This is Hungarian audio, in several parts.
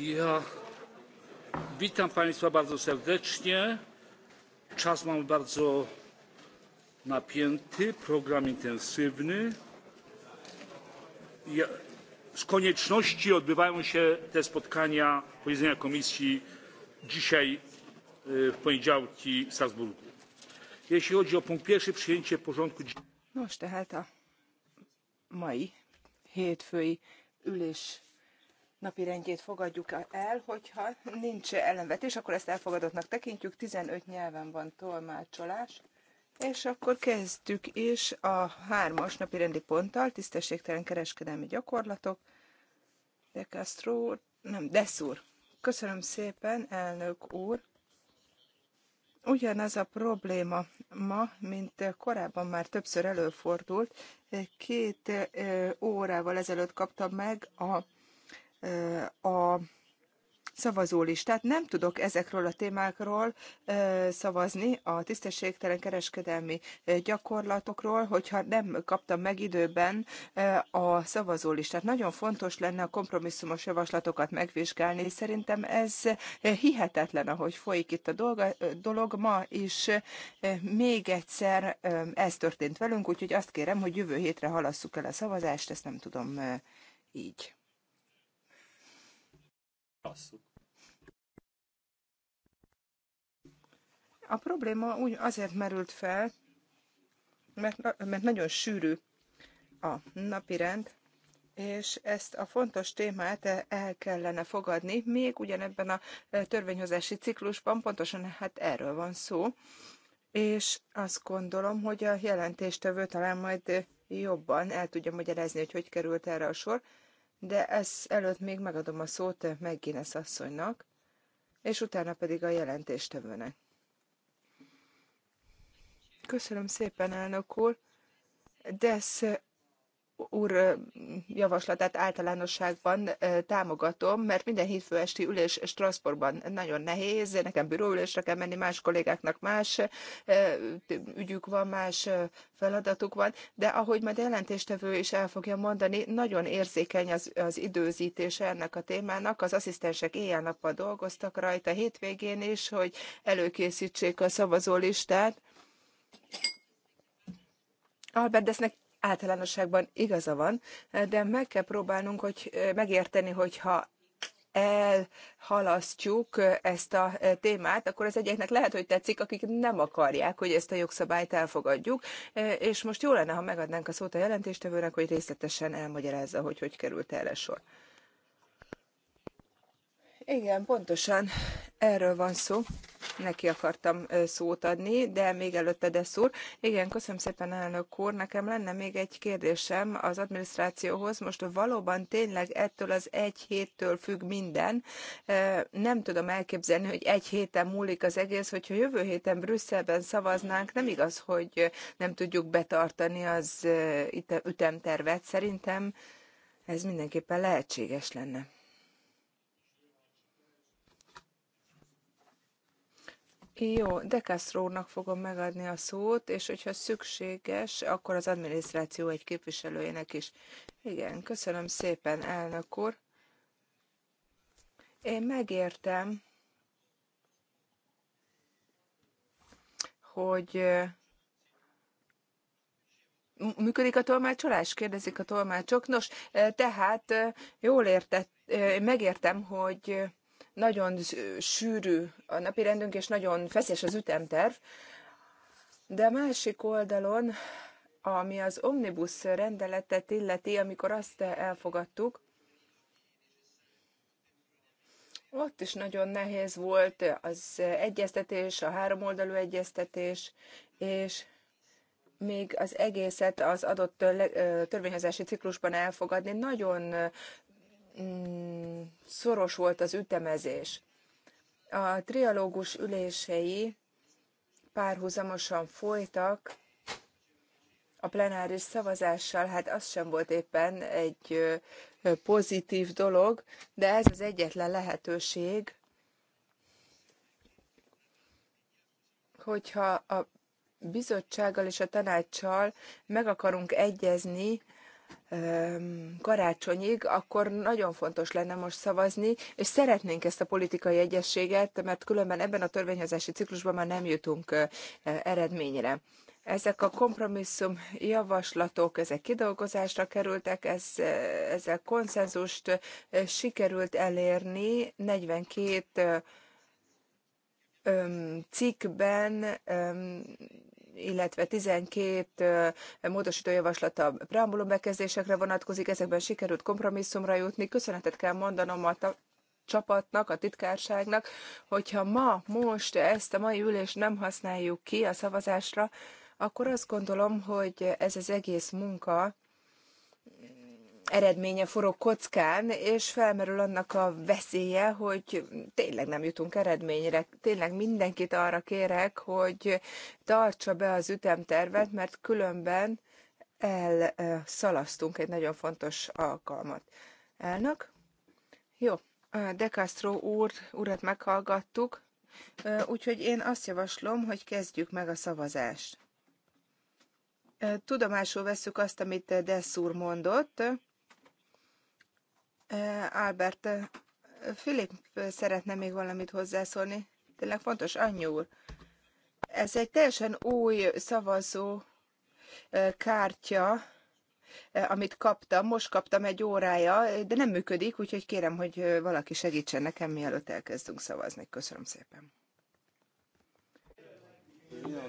Ja witam państwa bardzo serdecznie. Czas mamy bardzo napięty, program intensywny. Ja, z konieczności odbywają się te spotkania, posiedzenia komisji dzisiaj w poniedziałki w Strasburgu. Jeśli chodzi o punkt pierwszy, przyjęcie porządku dziennego. Nos, tehát a mai hétfői ülés napi rendjét fogadjuk el, hogyha nincs ellenvetés, akkor ezt elfogadottnak tekintjük, 15 nyelven van tolmácsolás. És akkor kezdjük is a hármas napi rendi ponttal, tisztességtelen kereskedelmi gyakorlatok. De Castro, nem, Deszúr. Köszönöm szépen, elnök úr. Ugyanaz a probléma ma, mint korábban már többször előfordult. Két órával ezelőtt kaptam meg a a szavazólistát. Nem tudok ezekről a témákról szavazni, a tisztességtelen kereskedelmi gyakorlatokról, hogyha nem kaptam meg időben a szavazólistát. Nagyon fontos lenne a kompromisszumos javaslatokat megvizsgálni. Szerintem ez hihetetlen, ahogy folyik itt a dolog. Ma is még egyszer ez történt velünk, úgyhogy azt kérem, hogy jövő hétre halasszuk el a szavazást, ezt nem tudom így Asszuk. A probléma úgy azért merült fel, mert, mert nagyon sűrű a napirend, és ezt a fontos témát el kellene fogadni, még ugyanebben a e, törvényhozási ciklusban pontosan hát erről van szó, és azt gondolom, hogy a jelentéstevő talán majd jobban el tudja magyarázni, hogy hogy került erre a sor de ez előtt még megadom a szót Megginesz asszonynak, és utána pedig a jelentéstevőnek. Köszönöm szépen, elnök úr. Desz úr javaslatát általánosságban támogatom, mert minden hétfő esti ülés Strasbourgban nagyon nehéz, nekem bíróülésre kell menni, más kollégáknak más ügyük van, más feladatuk van, de ahogy majd jelentéstevő is el fogja mondani, nagyon érzékeny az, az időzítése ennek a témának, az asszisztensek éjjel-nappal dolgoztak rajta hétvégén is, hogy előkészítsék a szavazólistát. Albert, de ezt általánosságban igaza van, de meg kell próbálnunk hogy megérteni, hogyha elhalasztjuk ezt a témát, akkor az egyeknek lehet, hogy tetszik, akik nem akarják, hogy ezt a jogszabályt elfogadjuk, és most jó lenne, ha megadnánk a szót a jelentéstevőnek, hogy részletesen elmagyarázza, hogy hogy került erre sor. Igen, pontosan erről van szó neki akartam szót adni, de még előtte szúr. Igen, köszönöm szépen, elnök úr. Nekem lenne még egy kérdésem az adminisztrációhoz. Most valóban tényleg ettől az egy héttől függ minden. Nem tudom elképzelni, hogy egy héten múlik az egész, hogyha jövő héten Brüsszelben szavaznánk, nem igaz, hogy nem tudjuk betartani az ütemtervet. Szerintem ez mindenképpen lehetséges lenne. Jó, de Castro-nak fogom megadni a szót, és hogyha szükséges, akkor az adminisztráció egy képviselőjének is. Igen, köszönöm szépen, elnök úr. Én megértem, hogy működik a tolmácsolás? Kérdezik a tolmácsok. Nos, tehát jól értett, megértem, hogy nagyon sűrű a rendünk, és nagyon feszes az ütemterv, de a másik oldalon, ami az omnibus rendeletet illeti, amikor azt elfogadtuk, ott is nagyon nehéz volt az egyeztetés, a háromoldalú egyeztetés, és még az egészet az adott törvényhozási ciklusban elfogadni nagyon Mm, szoros volt az ütemezés. A trialógus ülései párhuzamosan folytak a plenáris szavazással, hát az sem volt éppen egy pozitív dolog, de ez az egyetlen lehetőség, hogyha a bizottsággal és a tanácssal meg akarunk egyezni karácsonyig, akkor nagyon fontos lenne most szavazni, és szeretnénk ezt a politikai egyességet, mert különben ebben a törvényhozási ciklusban már nem jutunk eredményre. Ezek a kompromisszum javaslatok, ezek kidolgozásra kerültek, ez, ezzel konszenzust sikerült elérni 42 cikkben illetve 12 módosító javaslata preambulum bekezdésekre vonatkozik, ezekben sikerült kompromisszumra jutni. Köszönetet kell mondanom a csapatnak, a titkárságnak, hogyha ma, most ezt a mai ülést nem használjuk ki a szavazásra, akkor azt gondolom, hogy ez az egész munka eredménye forog kockán, és felmerül annak a veszélye, hogy tényleg nem jutunk eredményre. Tényleg mindenkit arra kérek, hogy tartsa be az ütemtervet, mert különben elszalasztunk egy nagyon fontos alkalmat. Elnök? Jó, De Castro úr, urat meghallgattuk, úgyhogy én azt javaslom, hogy kezdjük meg a szavazást. Tudomásul veszük azt, amit Dessur mondott, Albert, Filip szeretne még valamit hozzászólni. Tényleg fontos, anyja Ez egy teljesen új szavazó kártya, amit kaptam, most kaptam egy órája, de nem működik, úgyhogy kérem, hogy valaki segítsen nekem, mielőtt elkezdünk szavazni. Köszönöm szépen.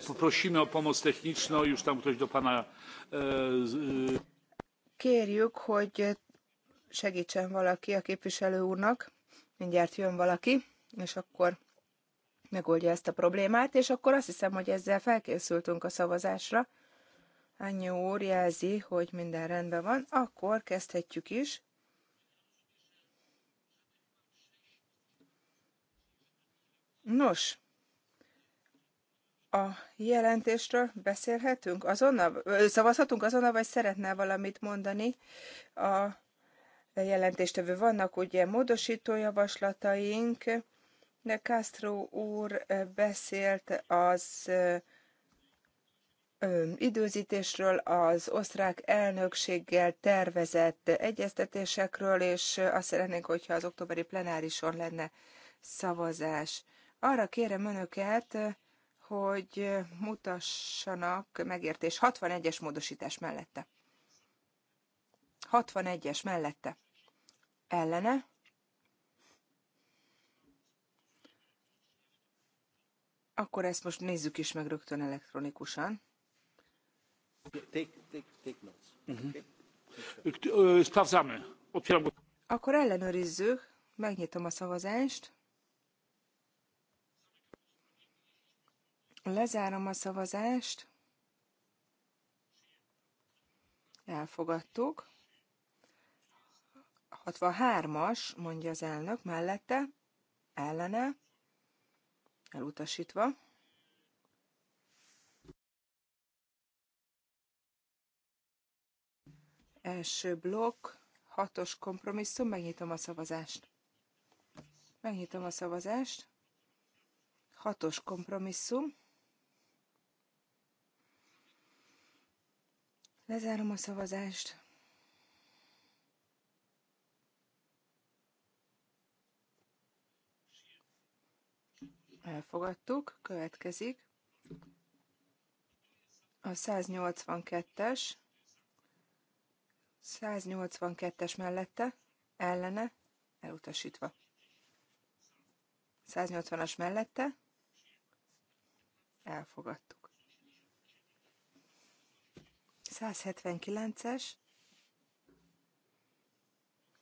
Poprosimy o pomoc techniczną, już tam ktoś do pana... E, e, Kérjük, hogy segítsen valaki a képviselő úrnak, mindjárt jön valaki, és akkor megoldja ezt a problémát, és akkor azt hiszem, hogy ezzel felkészültünk a szavazásra. Annyi úr jelzi, hogy minden rendben van, akkor kezdhetjük is. Nos, a jelentésről beszélhetünk azonnal? Szavazhatunk azonnal, vagy szeretnél valamit mondani a jelentéstevő. Vannak ugye módosító javaslataink, de Castro úr beszélt az időzítésről, az osztrák elnökséggel tervezett egyeztetésekről, és azt szeretnénk, hogyha az októberi plenárison lenne szavazás. Arra kérem önöket, hogy mutassanak megértés 61-es módosítás mellette. 61-es mellette ellene, Akkor ezt most nézzük is meg rögtön elektronikusan. Akkor ellenőrizzük, megnyitom a szavazást. Lezárom a szavazást. Elfogadtuk. 63-as, mondja az elnök, mellette, ellene, elutasítva. Első blokk, hatos kompromisszum, megnyitom a szavazást. Megnyitom a szavazást. Hatos kompromisszum. Lezárom a szavazást. elfogadtuk. Következik a 182-es, 182-es mellette, ellene, elutasítva. 180-as mellette, elfogadtuk. 179-es,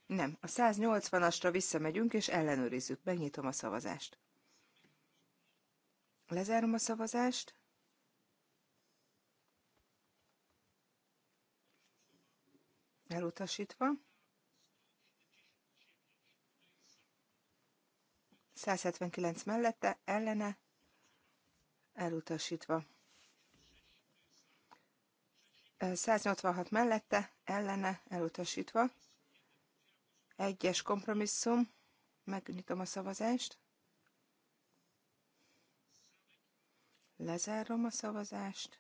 nem, a 180-asra visszamegyünk és ellenőrizzük, megnyitom a szavazást. Lezárom a szavazást. Elutasítva. 179 mellette, ellene, elutasítva. 186 mellette, ellene, elutasítva. Egyes kompromisszum, megnyitom a szavazást. Lezárom a szavazást.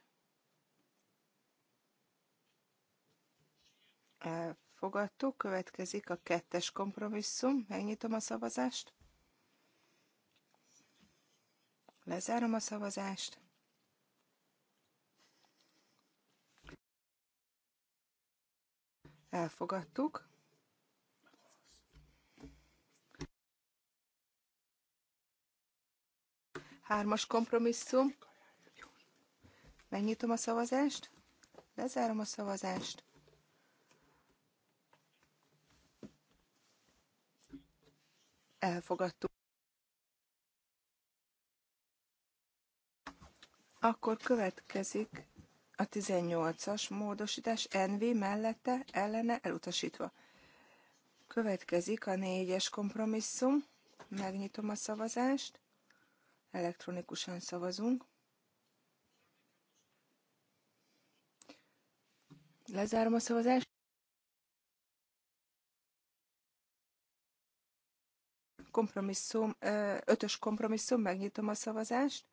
Elfogadtuk. Következik a kettes kompromisszum. Megnyitom a szavazást. Lezárom a szavazást. Elfogadtuk. Hármas kompromisszum. Megnyitom a szavazást. Lezárom a szavazást. Elfogadtuk. Akkor következik a 18-as módosítás NV mellette ellene elutasítva. Következik a 4-es kompromisszum. Megnyitom a szavazást elektronikusan szavazunk. Lezárom a szavazást. Kompromisszum, ötös kompromisszum, megnyitom a szavazást.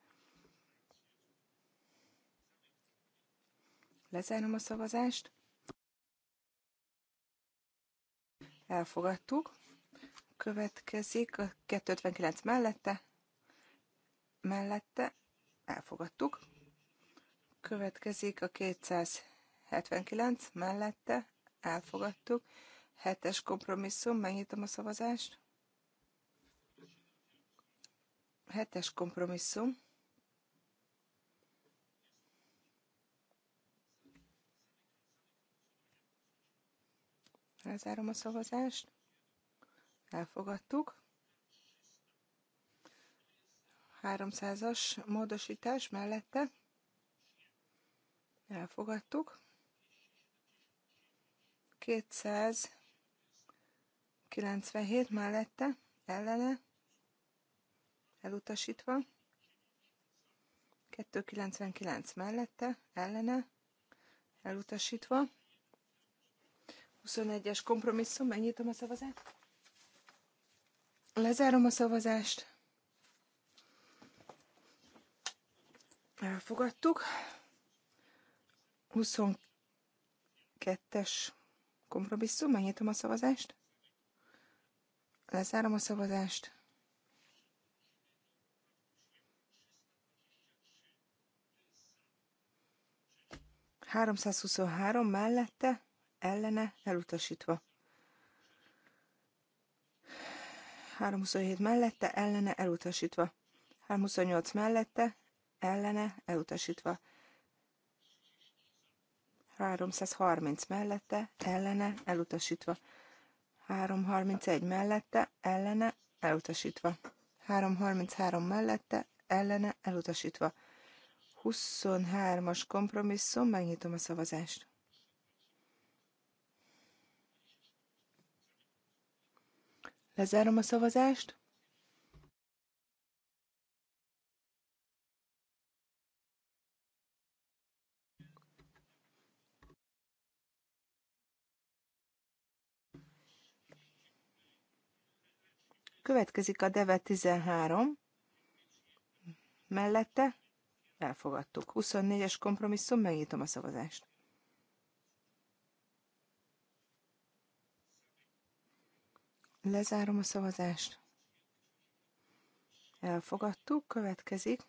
Lezárom a szavazást. Elfogadtuk. Következik a 259 mellette, mellette elfogadtuk. Következik a 279 mellette elfogadtuk. Hetes kompromisszum, megnyitom a szavazást. Hetes kompromisszum. Lezárom a szavazást. Elfogadtuk. 300-as módosítás mellette elfogadtuk. 297 mellette ellene elutasítva. 299 mellette ellene elutasítva. 21-es kompromisszum, megnyitom a szavazást. Lezárom a szavazást. Elfogadtuk. 22-es kompromisszum, megnyitom a szavazást. Lezárom a szavazást. Háromszázhuszonhárom mellette, ellene, elutasítva. 327 mellette, ellene, elutasítva. 328 mellette, ellene elutasítva. 330 mellette, ellene elutasítva. 331 mellette, ellene elutasítva. 333 mellette, ellene elutasítva. 23-as kompromisszum, megnyitom a szavazást. Lezárom a szavazást. Következik a Deve 13, mellette elfogadtuk. 24-es kompromisszum, megnyitom a szavazást. Lezárom a szavazást. Elfogadtuk, következik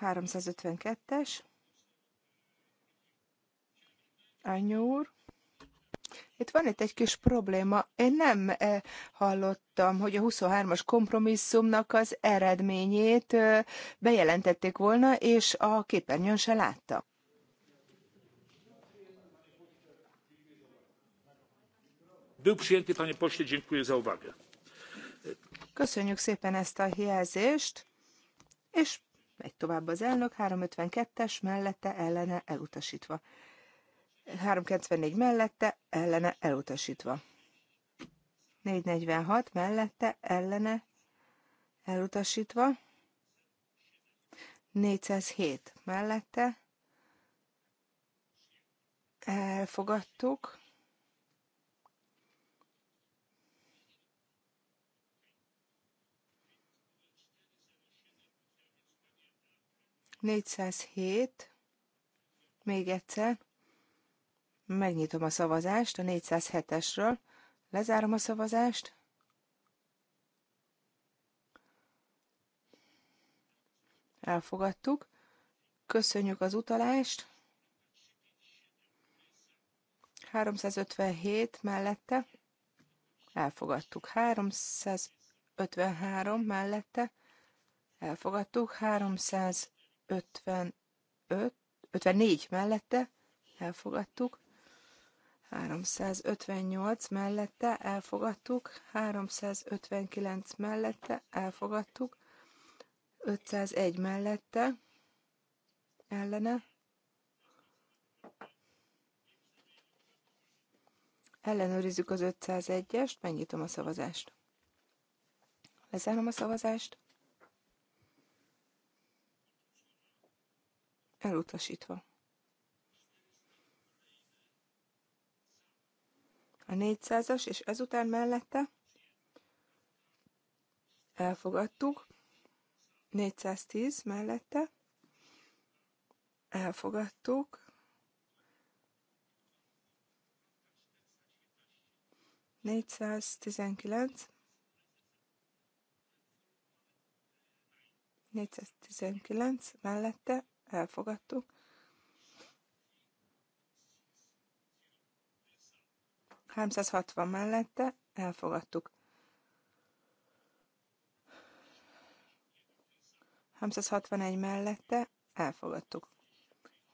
352-es. Anyúr. Itt van itt egy kis probléma. Én nem eh, hallottam, hogy a 23-as kompromisszumnak az eredményét eh, bejelentették volna, és a képernyőn se látta. Köszönjük szépen ezt a jelzést, és megy tovább az elnök, 352-es mellette ellene elutasítva. 394 mellette, ellene elutasítva. 446 mellette, ellene elutasítva. 407 mellette, elfogadtuk. 407, még egyszer, Megnyitom a szavazást a 407-esről. Lezárom a szavazást. Elfogadtuk. Köszönjük az utalást. 357 mellette. Elfogadtuk. 353 mellette. Elfogadtuk. 355 54 mellette. Elfogadtuk. 358 mellette elfogadtuk, 359 mellette elfogadtuk, 501 mellette ellene, ellenőrizzük az 501-est, megnyitom a szavazást. Lezárom a szavazást. Elutasítva. a 400-as, és ezután mellette elfogadtuk, 410 mellette elfogadtuk, 419, 419 mellette elfogadtuk, 360 mellette elfogadtuk. 361 mellette elfogadtuk.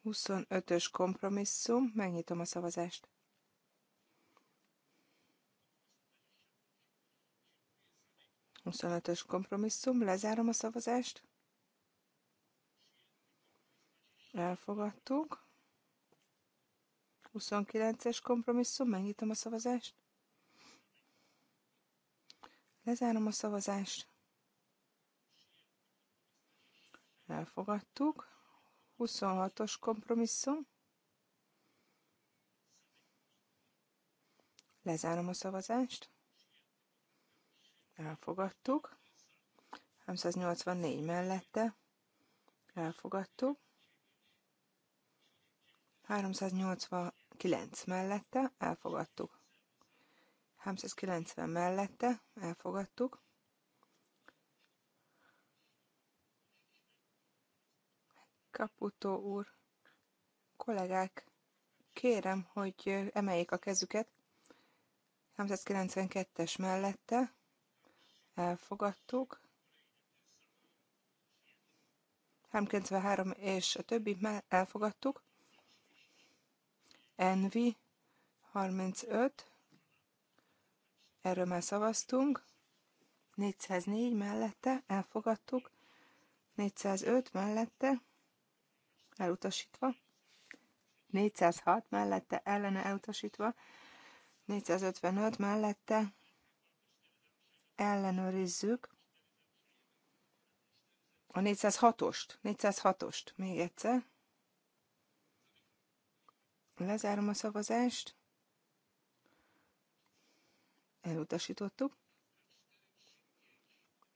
25-ös kompromisszum, megnyitom a szavazást. Huszonötös kompromisszum, lezárom a szavazást. Elfogadtuk. 29-es kompromisszum, megnyitom a szavazást. Lezárom a szavazást. Elfogadtuk. 26-os kompromisszum. Lezárom a szavazást. Elfogadtuk. 384 mellette. Elfogadtuk. 380, 309 mellette elfogadtuk. 390 mellette elfogadtuk. Kaputó úr, kollégák, kérem, hogy emeljék a kezüket. 392-es mellette elfogadtuk. 393 és a többi elfogadtuk. Envi 35, erről már szavaztunk, 404 mellette elfogadtuk, 405 mellette elutasítva, 406 mellette ellene elutasítva, 455 mellette ellenőrizzük a 406-ost, 406-ost még egyszer, Lezárom a szavazást. Elutasítottuk.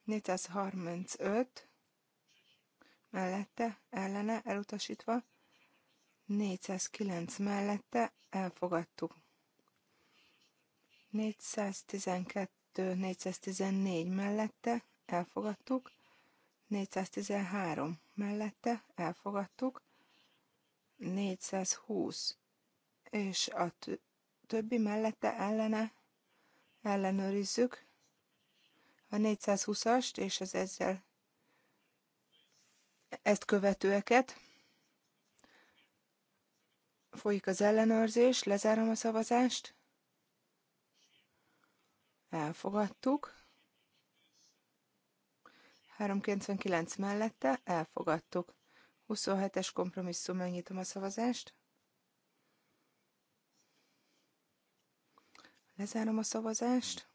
435 mellette, ellene, elutasítva. 409 mellette elfogadtuk. 412, 414 mellette elfogadtuk. 413 mellette elfogadtuk. 420 és a többi mellette ellene ellenőrizzük a 420-ast és az ezzel ezt követőeket. Folyik az ellenőrzés, lezárom a szavazást. Elfogadtuk. 399 mellette elfogadtuk. 27-es kompromisszum, megnyitom a szavazást. Lezárom a szavazást.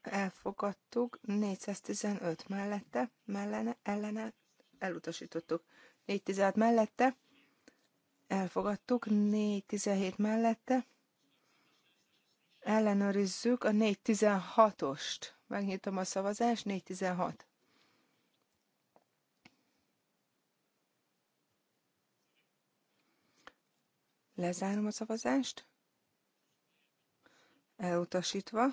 Elfogadtuk 415 mellette, mellene, ellene, elutasítottuk. 416 mellette, elfogadtuk, 417 mellette, ellenőrizzük a 416-ost. Megnyitom a szavazást, 416. Lezárom a szavazást. Elutasítva.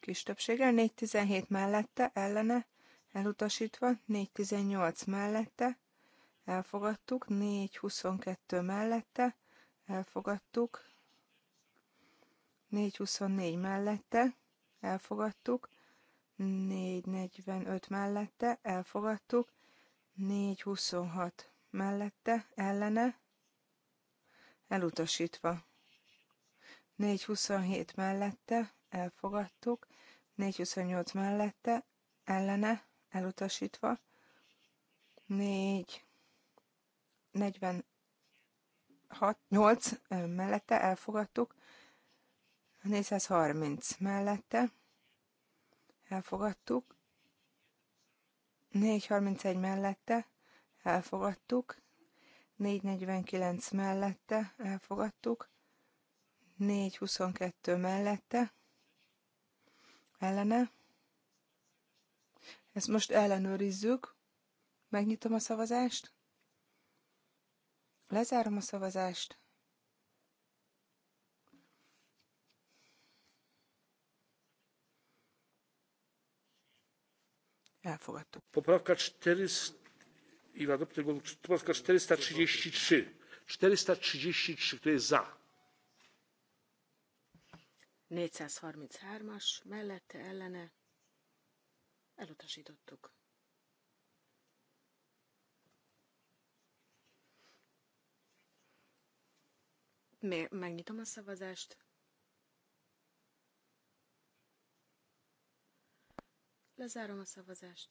Kis többséggel 417 mellette, ellene, elutasítva, 418 mellette, elfogadtuk, 422 mellette, elfogadtuk, 424 mellette, elfogadtuk, 445 mellette, elfogadtuk, 426 mellette, ellene, elutasítva. 427 mellette, elfogadtuk, 428 mellette, ellene, elutasítva, 4, 8 mellette, elfogadtuk, 430 mellette, elfogadtuk, 431 mellette, elfogadtuk, 449 mellette elfogadtuk, 422 mellette, ellene. Ezt most ellenőrizzük, megnyitom a szavazást, lezárom a szavazást, elfogadtuk. Poprawka 400 Iwan, poprawka 433. 433, kto jest za? 433-as, mellette, ellene, elutasítottuk. Megnyitom a szavazást. Lezárom a szavazást.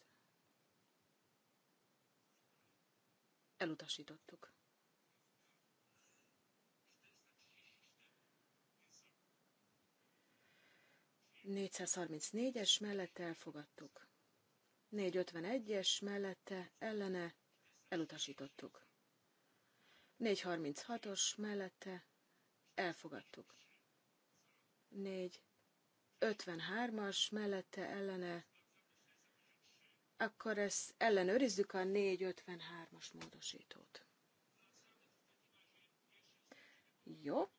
Elutasítottuk. es mellette elfogadtuk. 451-es mellette ellene elutasítottuk. 436-os mellette elfogadtuk. 453-as mellette ellene akkor ezt ellenőrizzük a 453-as módosítót. Jó.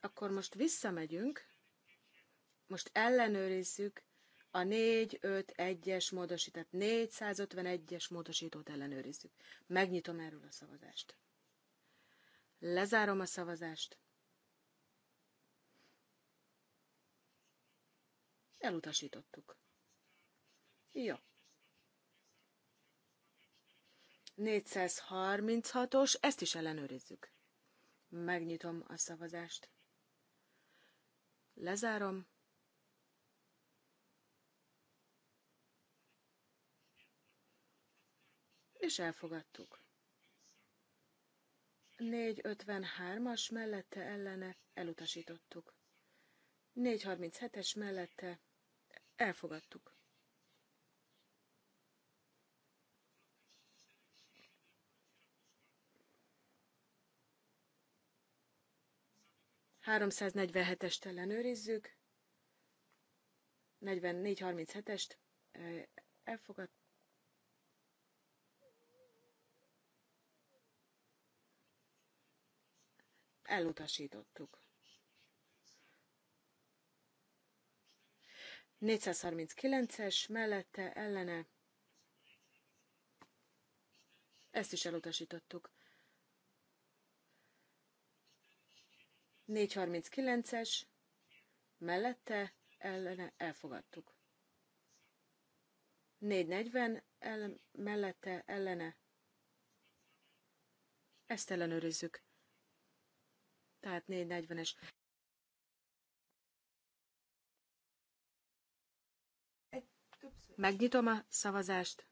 Akkor most visszamegyünk. Most ellenőrizzük a 451-es módosítót, 451-es módosítót ellenőrizzük. Megnyitom erről a szavazást. Lezárom a szavazást. Elutasítottuk. Jó. 436-os, ezt is ellenőrizzük. Megnyitom a szavazást. Lezárom. És elfogadtuk. 453-as mellette ellene elutasítottuk. 437-es mellette elfogadtuk. 347-est ellenőrizzük. 4437 est elfogad. Elutasítottuk. 439-es mellette ellene. Ezt is elutasítottuk. 439-es, mellette ellene elfogadtuk. 440 el, mellette ellene. Ezt ellenőrizzük. Tehát 440-es. Megnyitom a szavazást.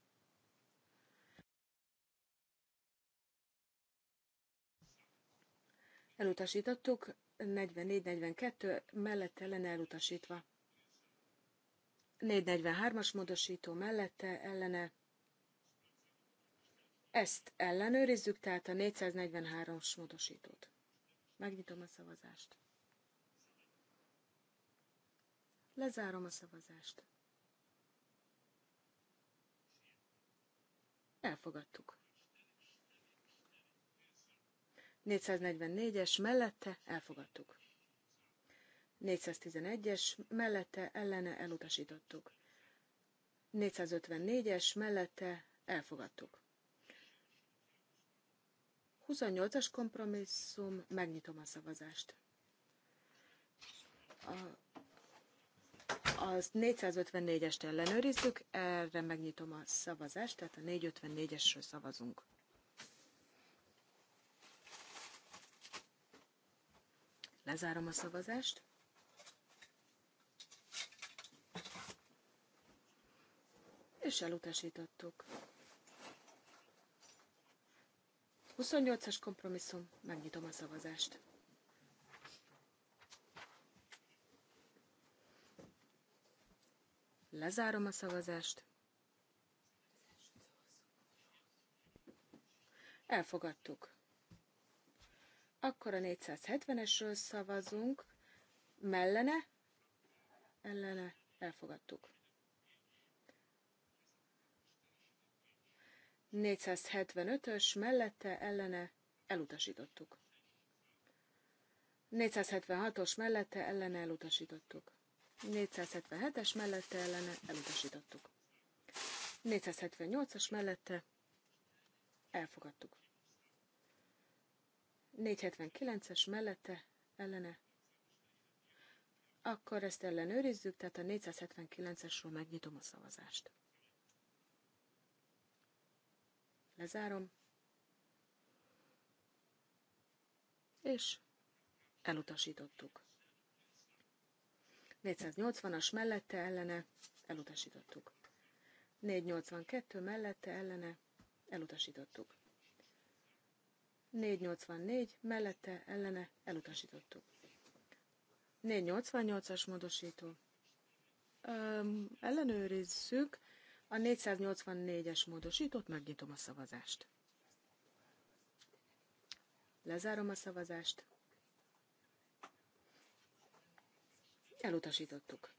Elutasítottuk 44-42 mellette ellene elutasítva. 443-as módosító mellette ellene. Ezt ellenőrizzük, tehát a 443-as módosítót. Megnyitom a szavazást. Lezárom a szavazást. Elfogadtuk. 444-es mellette elfogadtuk. 411-es mellette ellene elutasítottuk. 454-es mellette elfogadtuk. 28-as kompromisszum, megnyitom a szavazást. A, az 454-est ellenőrizzük, erre megnyitom a szavazást, tehát a 454-esről szavazunk. Lezárom a szavazást. És elutasítottuk. 28-as kompromisszum, megnyitom a szavazást. Lezárom a szavazást. Elfogadtuk. Akkor a 470-esről szavazunk. Mellene? Ellene? Elfogadtuk. 475-ös mellette ellene elutasítottuk. 476-os mellette ellene elutasítottuk. 477-es mellette ellene elutasítottuk. 478-as mellette elfogadtuk. 479-es mellette ellene. Akkor ezt ellenőrizzük, tehát a 479-esről megnyitom a szavazást. Lezárom. És elutasítottuk. 480-as mellette ellene elutasítottuk. 482 mellette ellene elutasítottuk. 484 mellette ellene elutasítottuk. 488-as módosító. Öm, ellenőrizzük a 484-es módosítót, megnyitom a szavazást. Lezárom a szavazást. Elutasítottuk.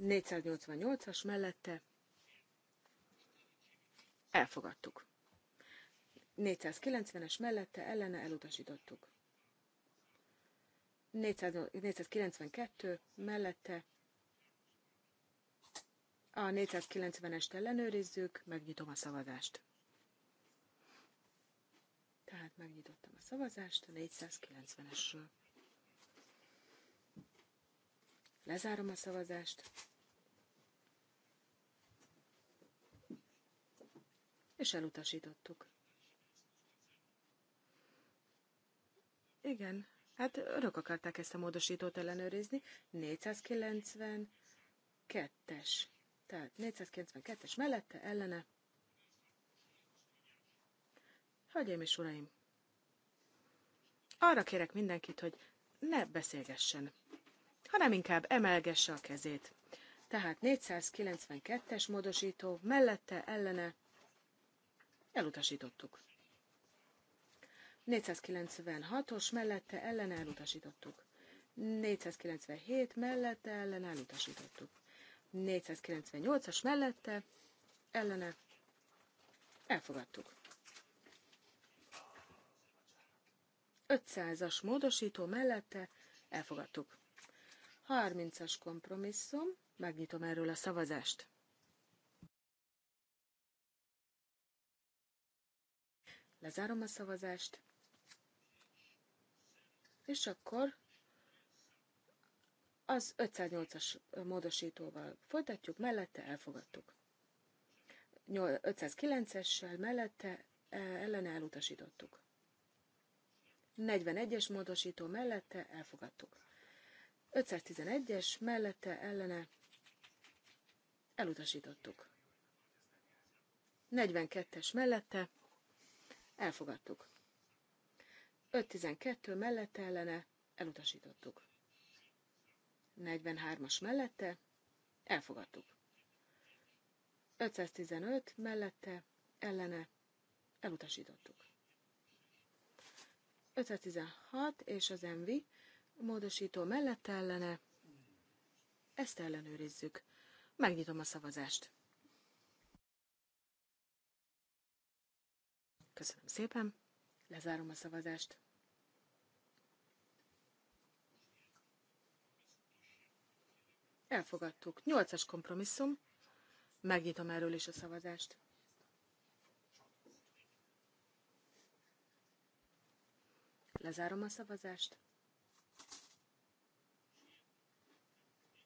488-as mellette elfogadtuk. 490-es mellette ellene elutasítottuk. 492 mellette a 490-est ellenőrizzük, megnyitom a szavazást. Tehát megnyitottam a szavazást a 490-esről. Lezárom a szavazást. És elutasítottuk. Igen, hát önök akarták ezt a módosítót ellenőrizni. 492-es. Tehát 492-es mellette, ellene. Hölgyeim és uraim, arra kérek mindenkit, hogy ne beszélgessen, hanem inkább emelgesse a kezét. Tehát 492-es módosító mellette, ellene elutasítottuk. 496-os mellette ellen elutasítottuk. 497 mellette ellen elutasítottuk. 498-as mellette ellene elfogadtuk. 500-as módosító mellette elfogadtuk. 30-as kompromisszum, megnyitom erről a szavazást. Lezárom a szavazást. És akkor az 508-as módosítóval folytatjuk, mellette elfogadtuk. 509-essel e, mellette ellene elutasítottuk. 41-es módosító mellette elfogadtuk. 511-es mellette ellene elutasítottuk. 42-es mellette elfogadtuk. 5.12 mellette ellene elutasítottuk. 43-as mellette elfogadtuk. 515 mellette ellene elutasítottuk. 516 és az envi módosító mellette ellene ezt ellenőrizzük. Megnyitom a szavazást. Köszönöm szépen. Lezárom a szavazást. Elfogadtuk. Nyolcas kompromisszum. Megnyitom erről is a szavazást. Lezárom a szavazást.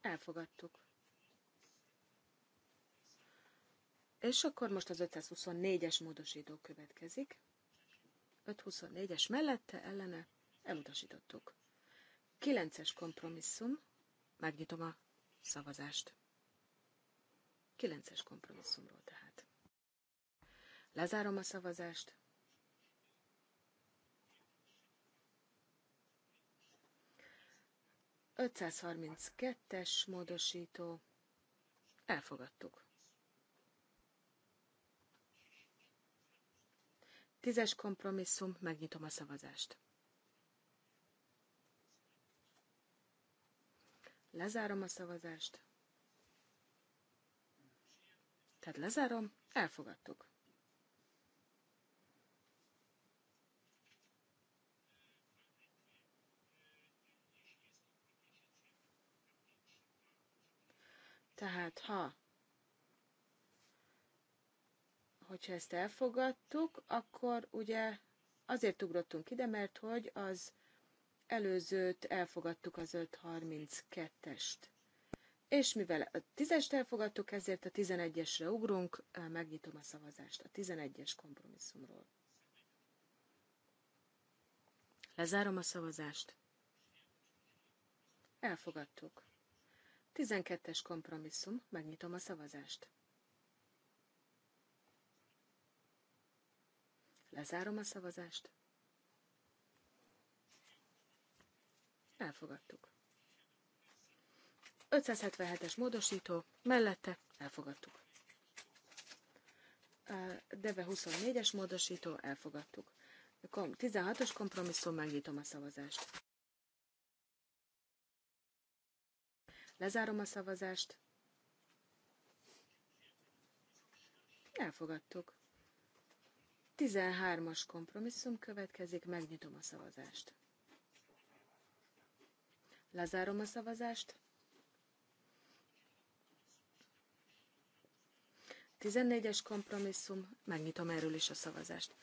Elfogadtuk. És akkor most az 524-es módosító következik. 524-es mellette ellene elutasítottuk. 9-es kompromisszum, megnyitom a szavazást. 9-es kompromisszumról tehát. Lezárom a szavazást. Ötszázharminckettes módosító. Elfogadtuk. Tízes kompromisszum, megnyitom a szavazást. Lezárom a szavazást. Tehát lezárom, elfogadtuk. Tehát ha hogyha ezt elfogadtuk, akkor ugye azért ugrottunk ide, mert hogy az előzőt elfogadtuk az 532-est. És mivel a 10-est elfogadtuk, ezért a 11-esre ugrunk, megnyitom a szavazást a 11-es kompromisszumról. Lezárom a szavazást. Elfogadtuk. 12-es kompromisszum, megnyitom a szavazást. Lezárom a szavazást. Elfogadtuk. 577-es módosító, mellette elfogadtuk. Deve 24-es módosító, elfogadtuk. 16-os kompromisszum, megnyitom a szavazást. Lezárom a szavazást. Elfogadtuk. 13-as kompromisszum következik, megnyitom a szavazást. Lezárom a szavazást. 14-es kompromisszum, megnyitom erről is a szavazást.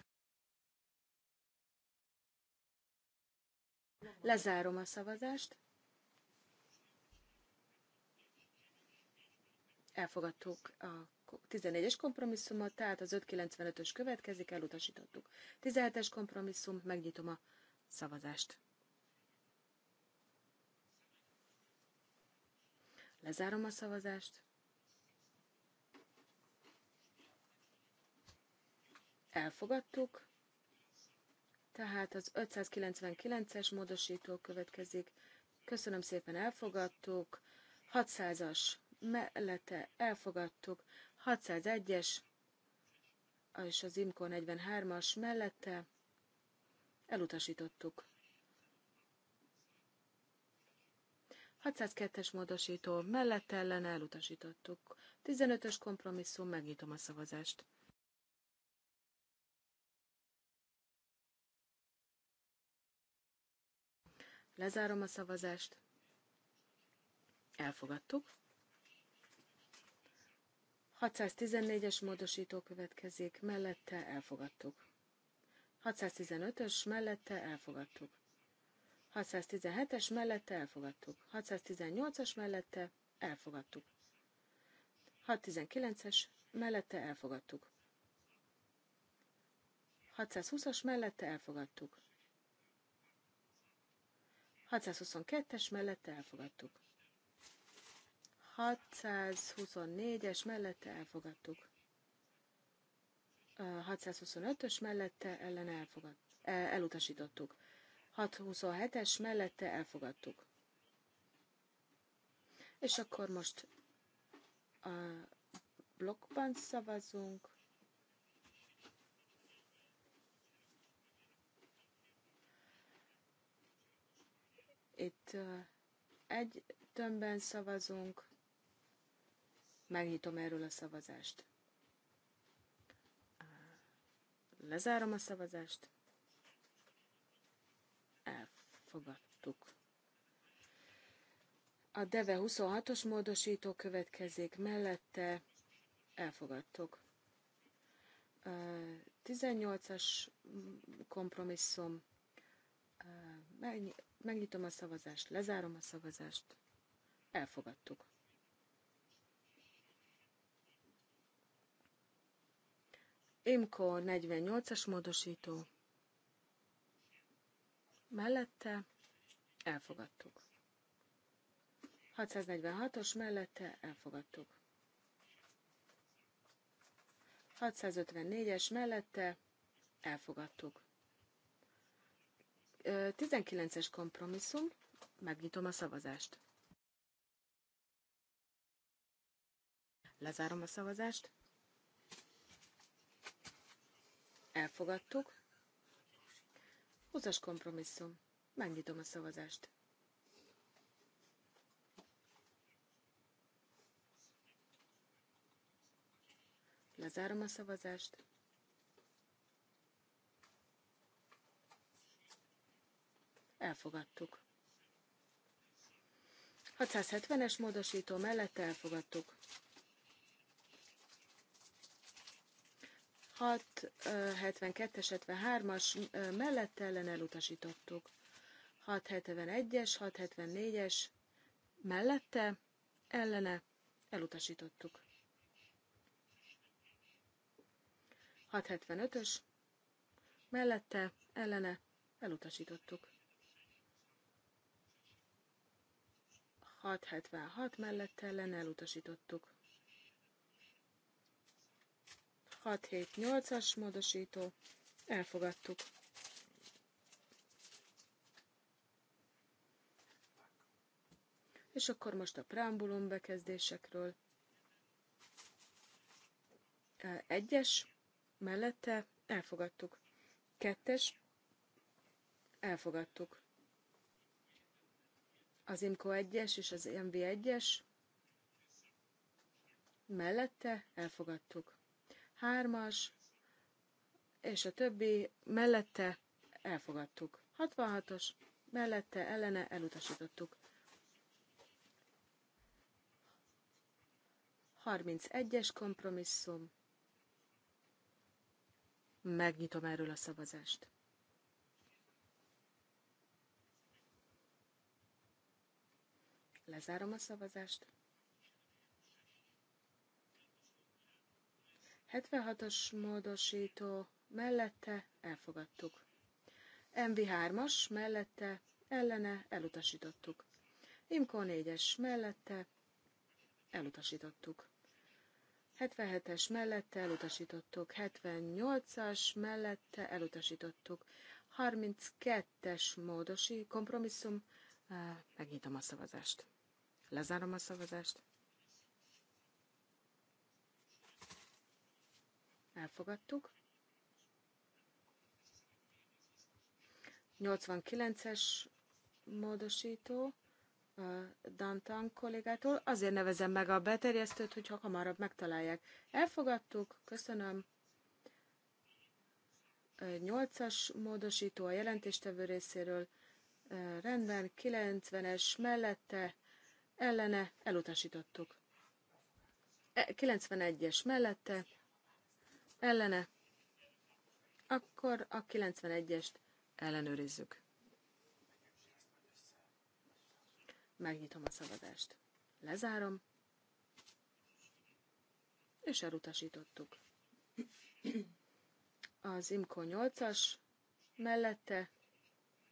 Lezárom a szavazást. Elfogadtuk a 11-es kompromisszumot, tehát az 595-ös következik, elutasítottuk. 17-es kompromisszum, megnyitom a szavazást. Lezárom a szavazást. Elfogadtuk. Tehát az 599-es módosító következik. Köszönöm szépen, elfogadtuk. 600-as mellette elfogadtuk. 601-es és az IMCO 43-as mellette elutasítottuk. 602-es módosító mellette ellen elutasítottuk. 15-ös kompromisszum, megnyitom a szavazást. Lezárom a szavazást. Elfogadtuk. 614-es módosító következik, mellette elfogadtuk. 615-ös mellette elfogadtuk. 617-es mellette elfogadtuk. 618-as mellette elfogadtuk. 619-es mellette elfogadtuk. 620-as mellette elfogadtuk. 622-es mellette elfogadtuk. 624-es mellette elfogadtuk. 625-ös mellette ellen elfogad, e, elutasítottuk. 627-es mellette elfogadtuk. És akkor most a blokkban szavazunk. Itt egy tömbben szavazunk. Megnyitom erről a szavazást. Lezárom a szavazást. Elfogadtuk. A DEVE 26-os módosító következik mellette. Elfogadtuk. 18-as kompromisszum. Megnyitom a szavazást, lezárom a szavazást. Elfogadtuk. Imko 48-as módosító. Mellette elfogadtuk. 646-os mellette elfogadtuk. 654-es mellette elfogadtuk. 19-es kompromisszum, megnyitom a szavazást. Lezárom a szavazást. Elfogadtuk. 20-as kompromisszum. Megnyitom a szavazást. Lezárom a szavazást. Elfogadtuk. 670-es módosító mellett elfogadtuk. 672 es 73-as mellett ellen elutasítottuk. 671-es, 674-es mellette ellene elutasítottuk. 675-ös mellette ellene elutasítottuk. 676 mellette ellen elutasítottuk. 678-as módosító, elfogadtuk. És akkor most a preambulum bekezdésekről. Egyes, mellette elfogadtuk. Kettes, elfogadtuk. Az IMCO 1-es és az MV 1-es mellette elfogadtuk hármas, és a többi mellette elfogadtuk. 66-os mellette ellene elutasítottuk. 31-es kompromisszum. Megnyitom erről a szavazást. Lezárom a szavazást. 76-os módosító mellette elfogadtuk. MV3-as mellette ellene elutasítottuk. IMCO 4-es mellette elutasítottuk. 77-es mellette elutasítottuk, 78-as mellette elutasítottuk, 32-es módosi kompromisszum, megnyitom a szavazást. Lezárom a szavazást. elfogadtuk. 89-es módosító Dantan kollégától. Azért nevezem meg a beterjesztőt, hogyha hamarabb megtalálják. Elfogadtuk, köszönöm. 8-as módosító a jelentéstevő részéről. Rendben, 90-es mellette, ellene, elutasítottuk. 91-es e, mellette, ellene, akkor a 91-est ellenőrizzük. Megnyitom a szavazást. Lezárom. És elutasítottuk. Az IMCO 8-as mellette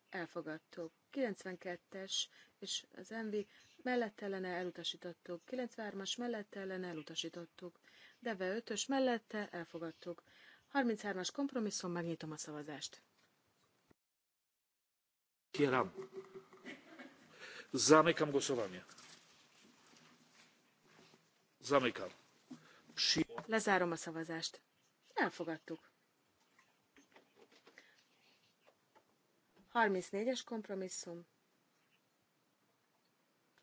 elfogadtuk. 92-es és az MV mellette ellene elutasítottuk. 93-as mellette ellene elutasítottuk. Deve 5-ös mellette elfogadtuk. 33-as kompromisszum, megnyitom a szavazást. Kérem, Zamykam głosowanie. Zamykam. Lezárom a szavazást. Elfogadtuk. 34-es kompromisszum.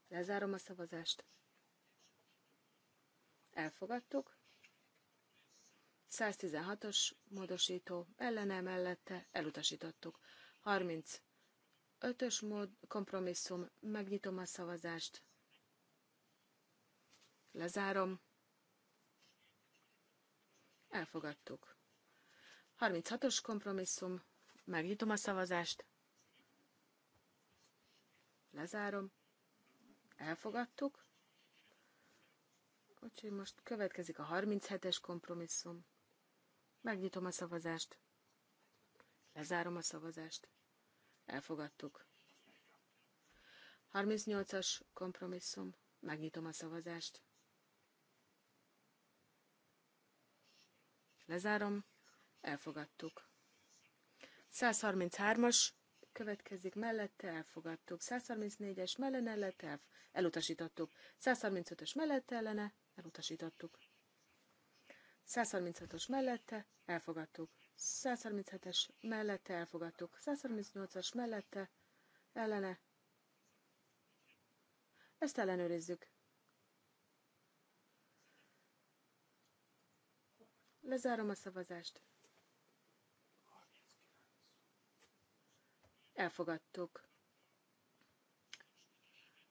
Lezárom a szavazást. Elfogadtuk. 116-os módosító ellene mellette elutasítottuk. 35-ös mód, kompromisszum, megnyitom a szavazást, lezárom, elfogadtuk. 36-os kompromisszum, megnyitom a szavazást, lezárom, elfogadtuk. Úgyhogy most következik a 37-es kompromisszum. Megnyitom a szavazást. Lezárom a szavazást. Elfogadtuk. 38-as kompromisszum. Megnyitom a szavazást. Lezárom. Elfogadtuk. 133-as következik mellette, elfogadtuk. 134-es mellene, elutasítottuk. 135-ös mellette, ellene, elutasítottuk. 136-os mellette elfogadtuk. 137-es mellette elfogadtuk. 138-as mellette ellene. Ezt ellenőrizzük. Lezárom a szavazást. Elfogadtuk.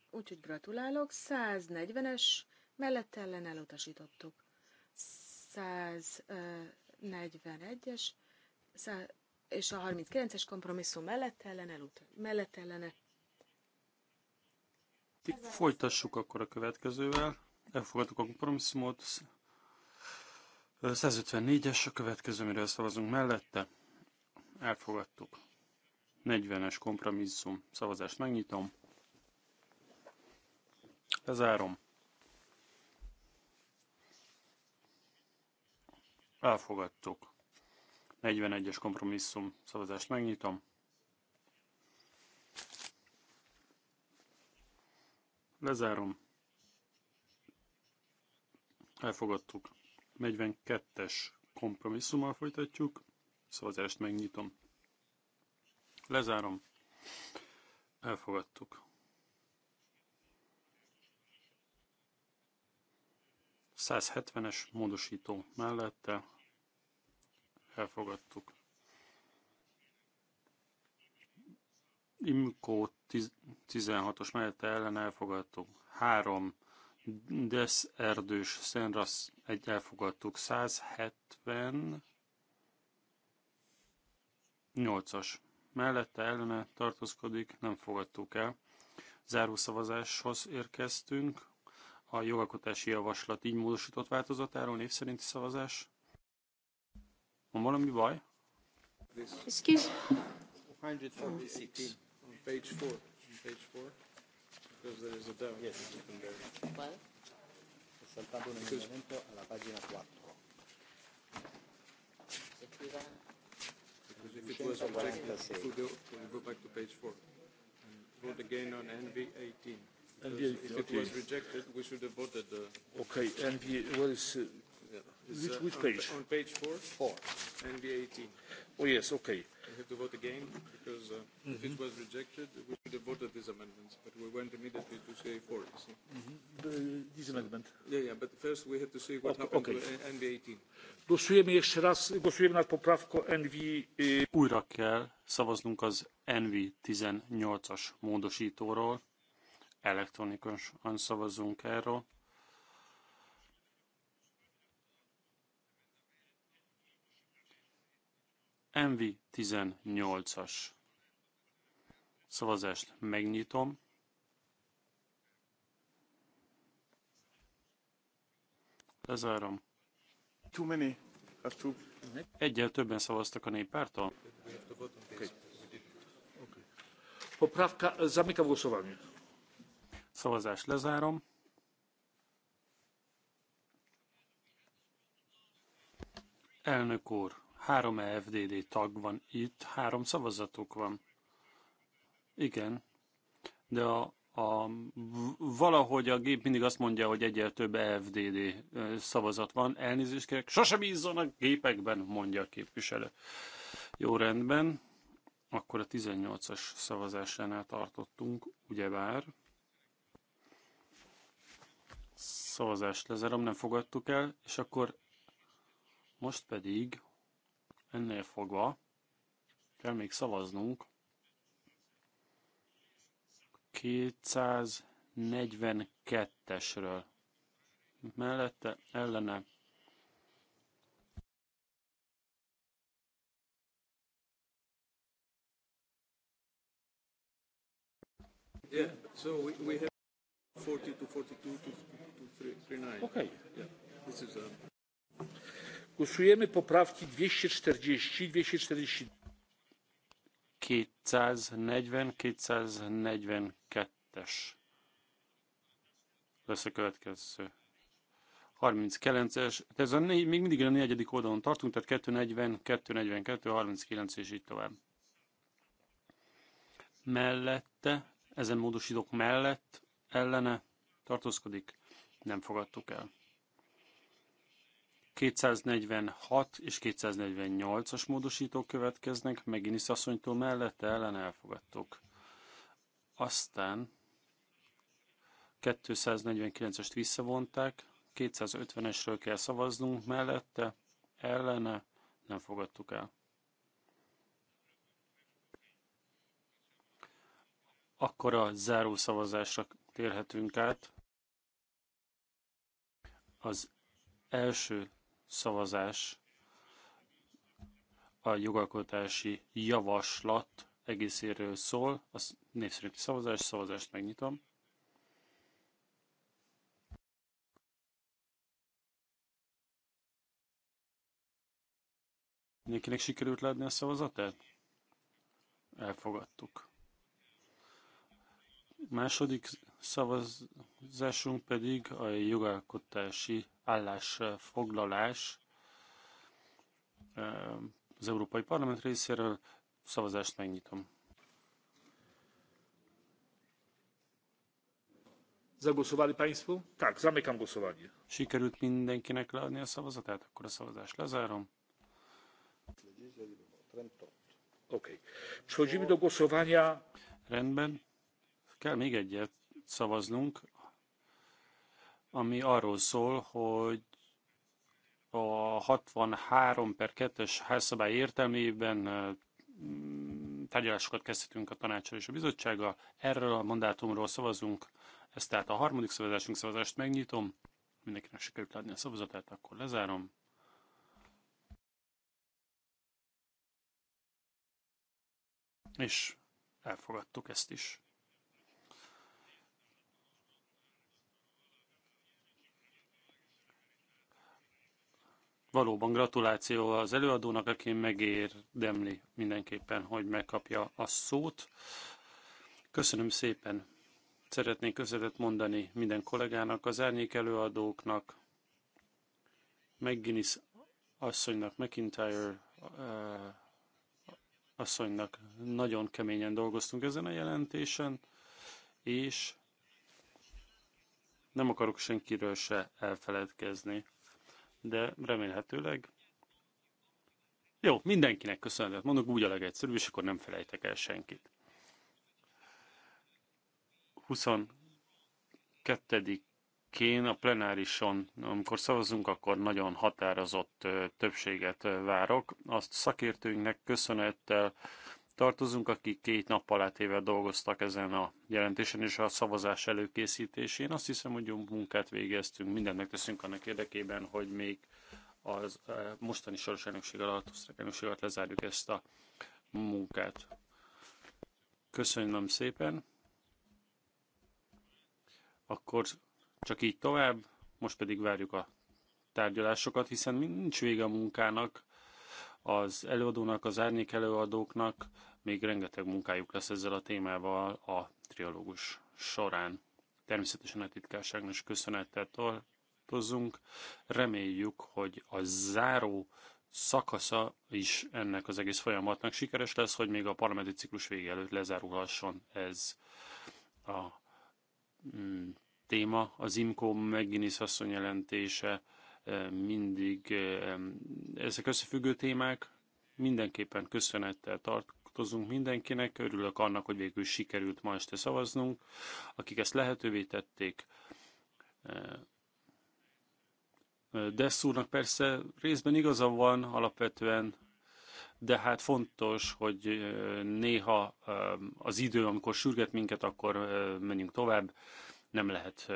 Úgyhogy gratulálok. 140-es mellette ellen elutasítottuk. 141-es és a 39-es kompromisszum mellett ellene, mellett ellene. Folytassuk akkor a következővel. Elfogadtuk a kompromisszumot. 154-es a következő, miről szavazunk mellette. Elfogadtuk. 40-es kompromisszum. Szavazást megnyitom. Lezárom. Elfogadtuk. 41-es kompromisszum szavazást megnyitom. Lezárom. Elfogadtuk. 42-es kompromisszummal folytatjuk. Szavazást megnyitom. Lezárom. Elfogadtuk. 170-es módosító mellette elfogadtuk. Imco 16-os mellette ellen elfogadtuk. 3 Des Erdős Szenrasz egy elfogadtuk. 170 8-as mellette ellene tartózkodik, nem fogadtuk el. Zárószavazáshoz érkeztünk a jogalkotási javaslat így módosított változatáról név szerinti szavazás. Van valami baj? Excuse. 136 on page 4. page Because there is a doubt. Yes. Well. alla pagina Because if it was objected, to go, go back to page 4. And vote again on NV 18. And NV, okay. It was rejected. We should have voted the. Okay, and NV. What is? Uh, yeah. It's, which, uh, which page? On, on page four. Four. NV 18. Oh yes. Okay. We have to vote again because uh, mm -hmm. if it mm-hmm. was rejected, we should have voted these amendments, but we went immediately to say four. You see. Mm -hmm. the, this amendment. Yeah, yeah. But first we have to see what okay. happened okay. to uh, NV 18. Głosujemy jeszcze raz, głosujemy nad poprawką NV... Újra kell szavaznunk az NV 18-as módosítóról elektronikusan szavazunk erről. MV 18-as szavazást megnyitom. Lezárom. Too many. Too... Egyel többen szavaztak a néppártól. Okay. Okay. Poprawka, zamykam głosowanie. Szavazást lezárom. Elnök úr, három EFDD tag van itt, három szavazatuk van. Igen, de a, a, valahogy a gép mindig azt mondja, hogy egyel több EFDD szavazat van. Elnézést kérek, Sosem ízzon a gépekben, mondja a képviselő. Jó rendben, akkor a 18-as szavazásánál tartottunk, ugyebár. Szavazást lezárom, nem fogadtuk el, és akkor most pedig ennél fogva kell még szavaznunk 242-esről. Mellette ellene Yeah, so we, we have 40 to 42 to Um, Głosujemy poprawki 240, 240. 240-242-es lesz a következő. 39-es, ez a négy, még mindig a negyedik oldalon tartunk, tehát 240, 242, 39 és így tovább. Mellette, ezen módosítok mellett, ellene tartózkodik nem fogadtuk el. 246 és 248-as módosítók következnek, megint is asszonytól mellette ellen elfogadtuk. Aztán 249-est visszavonták, 250-esről kell szavaznunk mellette, ellene nem fogadtuk el. Akkor a záró szavazásra térhetünk át. Az első szavazás a jogalkotási javaslat egészéről szól. A név szavazás, szavazást megnyitom. Mindenkinek sikerült látni a szavazatát? Elfogadtuk. Második szavazásunk pedig a jogalkotási állásfoglalás eh, az Európai Parlament részéről. Szavazást megnyitom. Zagłosowali Państwo? Tak, zamykam głosowanie. Sikerült mindenkinek leadni a szavazatát, akkor a szavazást lezárom. Oké. Okay. Przechodzimy do głosowania. Rendben. Kell még egyet szavaznunk, ami arról szól, hogy a 63 per 2-es házszabály értelmében tárgyalásokat kezdhetünk a tanácsal és a bizottsággal. Erről a mandátumról szavazunk. Ezt tehát a harmadik szavazásunk szavazást megnyitom. Mindenkinek sikerült látni a szavazatát, akkor lezárom. És elfogadtuk ezt is. Valóban gratuláció az előadónak, aki megérdemli mindenképpen, hogy megkapja a szót. Köszönöm szépen. Szeretnék köszönetet mondani minden kollégának, az árnyék előadóknak, McGinnis asszonynak, McIntyre eh, asszonynak. Nagyon keményen dolgoztunk ezen a jelentésen, és nem akarok senkiről se elfeledkezni de remélhetőleg jó, mindenkinek köszönetet mondok, úgy a legegyszerűbb, és akkor nem felejtek el senkit. 22-én a plenárison, amikor szavazunk, akkor nagyon határozott többséget várok. Azt szakértőinknek köszönettel, tartozunk, akik két nappal átével dolgoztak ezen a jelentésen és a szavazás előkészítésén. Azt hiszem, hogy jó munkát végeztünk, mindent megteszünk annak érdekében, hogy még az eh, mostani soros elnökség alatt, osztrák elnökség alatt lezárjuk ezt a munkát. Köszönöm szépen. Akkor csak így tovább, most pedig várjuk a tárgyalásokat, hiszen nincs vége a munkának, az előadónak, az árnyék előadóknak még rengeteg munkájuk lesz ezzel a témával a triológus során. Természetesen a titkárságnak is köszönettel tartozunk. Reméljük, hogy a záró szakasza is ennek az egész folyamatnak sikeres lesz, hogy még a parlamenti ciklus vége előtt lezárulhasson ez a mm, téma. Az IMCO megginisz asszony jelentése mindig ezek összefüggő témák. Mindenképpen köszönettel tartozunk mindenkinek. Örülök annak, hogy végül sikerült ma este szavaznunk. Akik ezt lehetővé tették, Desszúrnak persze részben igaza van alapvetően, de hát fontos, hogy néha az idő, amikor sürget minket, akkor menjünk tovább, nem lehet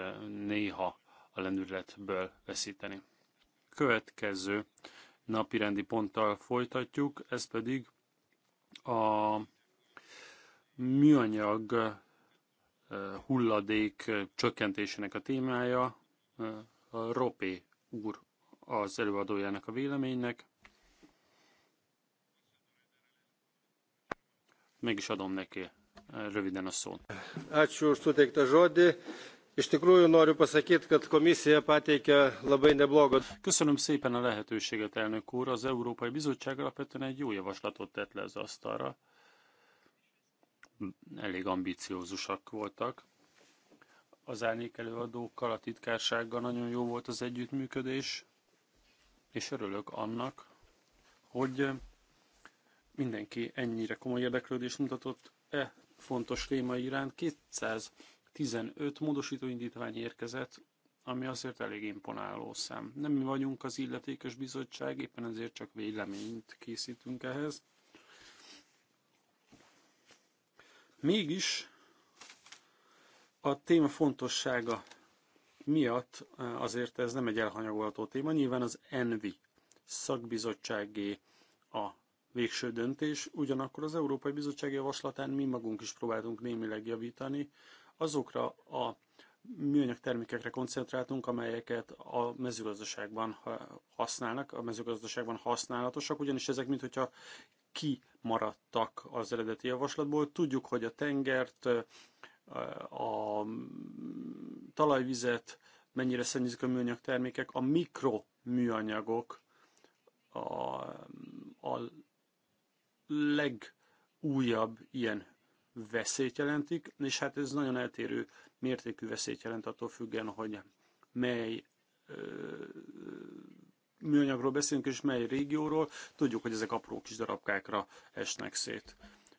néha a lendületből veszíteni következő napirendi ponttal folytatjuk, ez pedig a műanyag hulladék csökkentésének a témája. A Ropé úr az előadójának a véleménynek. Meg is adom neki röviden a szót. Átsúr, a zsodi. Iš tikrųjų noriu pasakyti, kad komisija pateikė labai neblogą. Köszönöm szépen a lehetőséget, elnök úr. Az Európai Bizottság alapvetően egy jó javaslatot tett le az asztalra. Elég ambiciózusak voltak. Az árnyék előadókkal, a titkársággal nagyon jó volt az együttműködés, és örülök annak, hogy mindenki ennyire komoly érdeklődést mutatott e fontos téma iránt. 200 15 módosító indítvány érkezett, ami azért elég imponáló szem. Nem mi vagyunk az illetékes bizottság, éppen ezért csak véleményt készítünk ehhez. Mégis a téma fontossága miatt eh, azért ez nem egy elhanyagolható téma. Nyilván az ENVI szakbizottságé a végső döntés, ugyanakkor az Európai Bizottság javaslatán mi magunk is próbáltunk némileg javítani, azokra a műanyag termékekre koncentráltunk, amelyeket a mezőgazdaságban használnak, a mezőgazdaságban használatosak, ugyanis ezek, mint hogyha kimaradtak az eredeti javaslatból. Tudjuk, hogy a tengert, a talajvizet mennyire szennyezik a műanyag termékek, a mikroműanyagok a, a legújabb ilyen veszélyt jelentik, és hát ez nagyon eltérő mértékű veszélyt jelent attól függően, hogy mely műanyagról beszélünk, és mely régióról. Tudjuk, hogy ezek apró kis darabkákra esnek szét.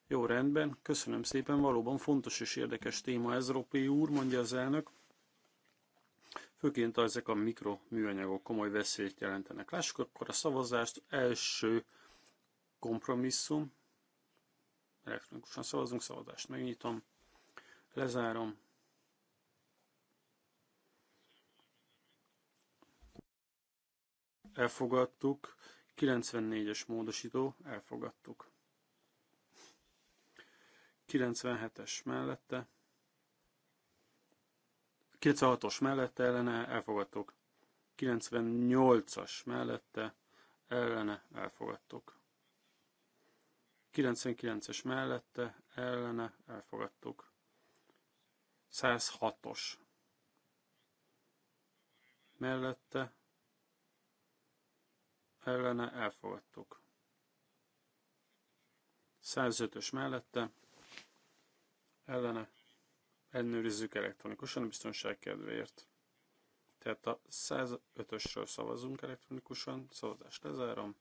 Jó, rendben, köszönöm szépen, valóban fontos és érdekes téma ez, Ropé úr, mondja az elnök. Főként ezek a mikroműanyagok komoly veszélyt jelentenek. Lássuk akkor a szavazást, első kompromisszum, elektronikusan szavazunk, szavazást megnyitom, lezárom. Elfogadtuk, 94-es módosító, elfogadtuk. 97-es mellette, 96-os mellette ellene elfogadtuk. 98-as mellette ellene elfogadtuk. 99-es mellette, ellene elfogadtuk. 106-os mellette, ellene elfogadtuk. 105-ös mellette, ellene ellenőrizzük elektronikusan a biztonság kedvéért. Tehát a 105-ösről szavazunk elektronikusan, szavazást lezárom.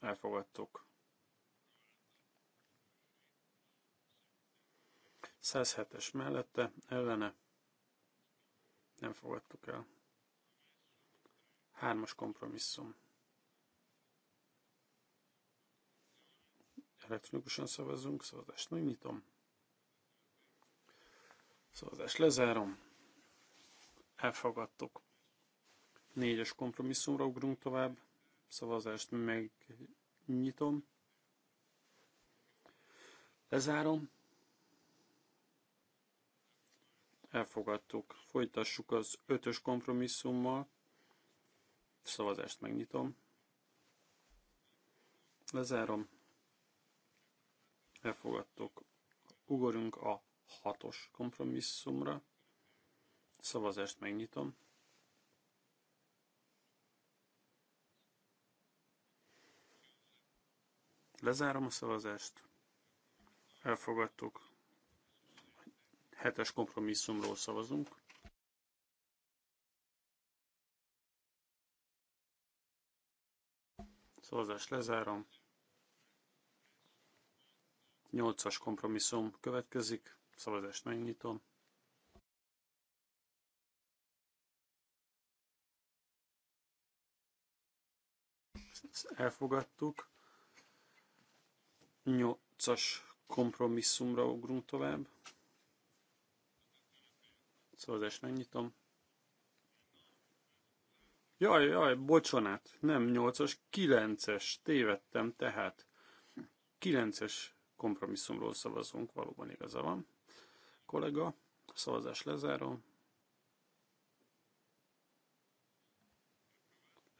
elfogadtuk. 107-es mellette, ellene nem fogadtuk el. Hármas kompromisszum. Elektronikusan szavazunk, szavazást megnyitom. Szavazást lezárom. Elfogadtuk. Négyes kompromisszumra ugrunk tovább. Szavazást megnyitom. Lezárom. Elfogadtuk. Folytassuk az ötös kompromisszummal. Szavazást megnyitom. Lezárom. Elfogadtuk. Ugorjunk a hatos kompromisszumra. Szavazást megnyitom. Lezárom a szavazást. Elfogadtuk. Hetes kompromisszumról szavazunk. Szavazást lezárom. Nyolcas kompromisszum következik. Szavazást megnyitom. Ezt elfogadtuk. 8-as kompromisszumra ugrunk tovább. Szavazást megnyitom. Jaj, jaj, bocsánat, nem 8-as, 9-es, tévedtem, tehát 9-es kompromisszumról szavazunk, valóban igaza van. Kollega, szavazás lezárom.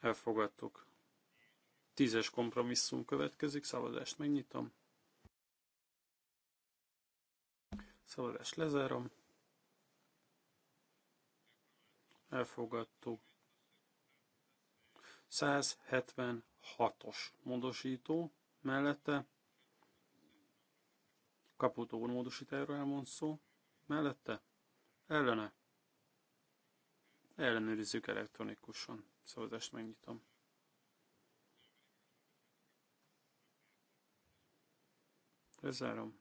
Elfogadtuk. Tízes kompromisszum következik, szavazást megnyitom. Szavazást lezárom. Elfogadtuk. 176-os módosító mellette kaputó módosítáról elmond szó, mellette ellene ellenőrizzük elektronikusan. Szavazást megnyitom. Lezárom.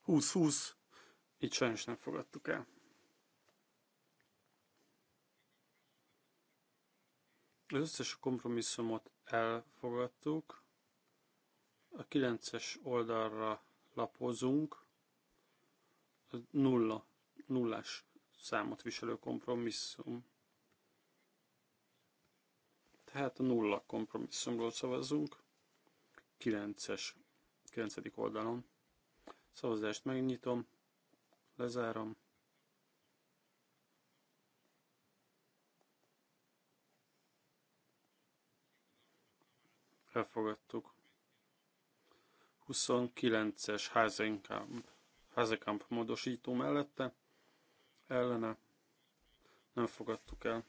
Húsz-húsz, így sajnos nem fogadtuk el. Az összes kompromisszumot elfogadtuk. A 9-es oldalra lapozunk. A nulla, nullás számot viselő kompromisszum tehát a nulla kompromisszumról szavazunk, 9-es, 9. oldalon. Szavazást megnyitom, lezárom. Elfogadtuk. 29-es házenkamp, házekamp módosító mellette, ellene nem fogadtuk el.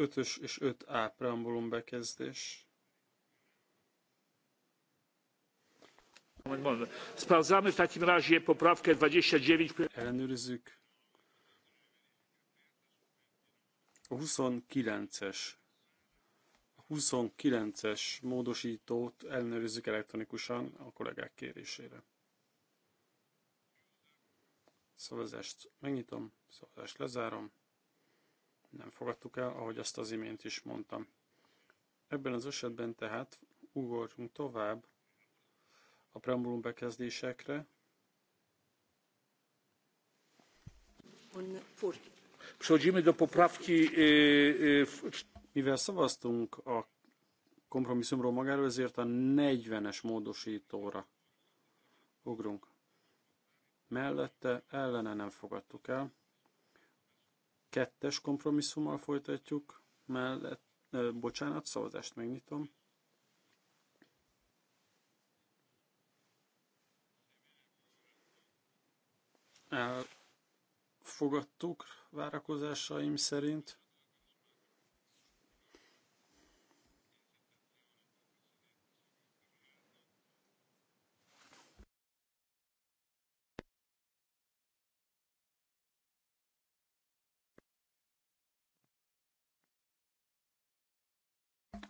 5-ös és 5A preambulum bekezdés. Sprawdzamy w takim razie poprawkę 29. Ellenőrizzük. A 29-es 29-es módosítót ellenőrizzük elektronikusan a kollégák kérésére. Szavazást megnyitom, szavazást lezárom nem fogadtuk el, ahogy azt az imént is mondtam. Ebben az esetben tehát ugorjunk tovább a preambulum bekezdésekre. Mivel szavaztunk a kompromisszumról magáról, ezért a 40-es módosítóra ugrunk. Mellette ellene nem fogadtuk el. Kettes kompromisszummal folytatjuk, mellett, ö, bocsánat, szavazást megnyitom. Elfogadtuk várakozásaim szerint.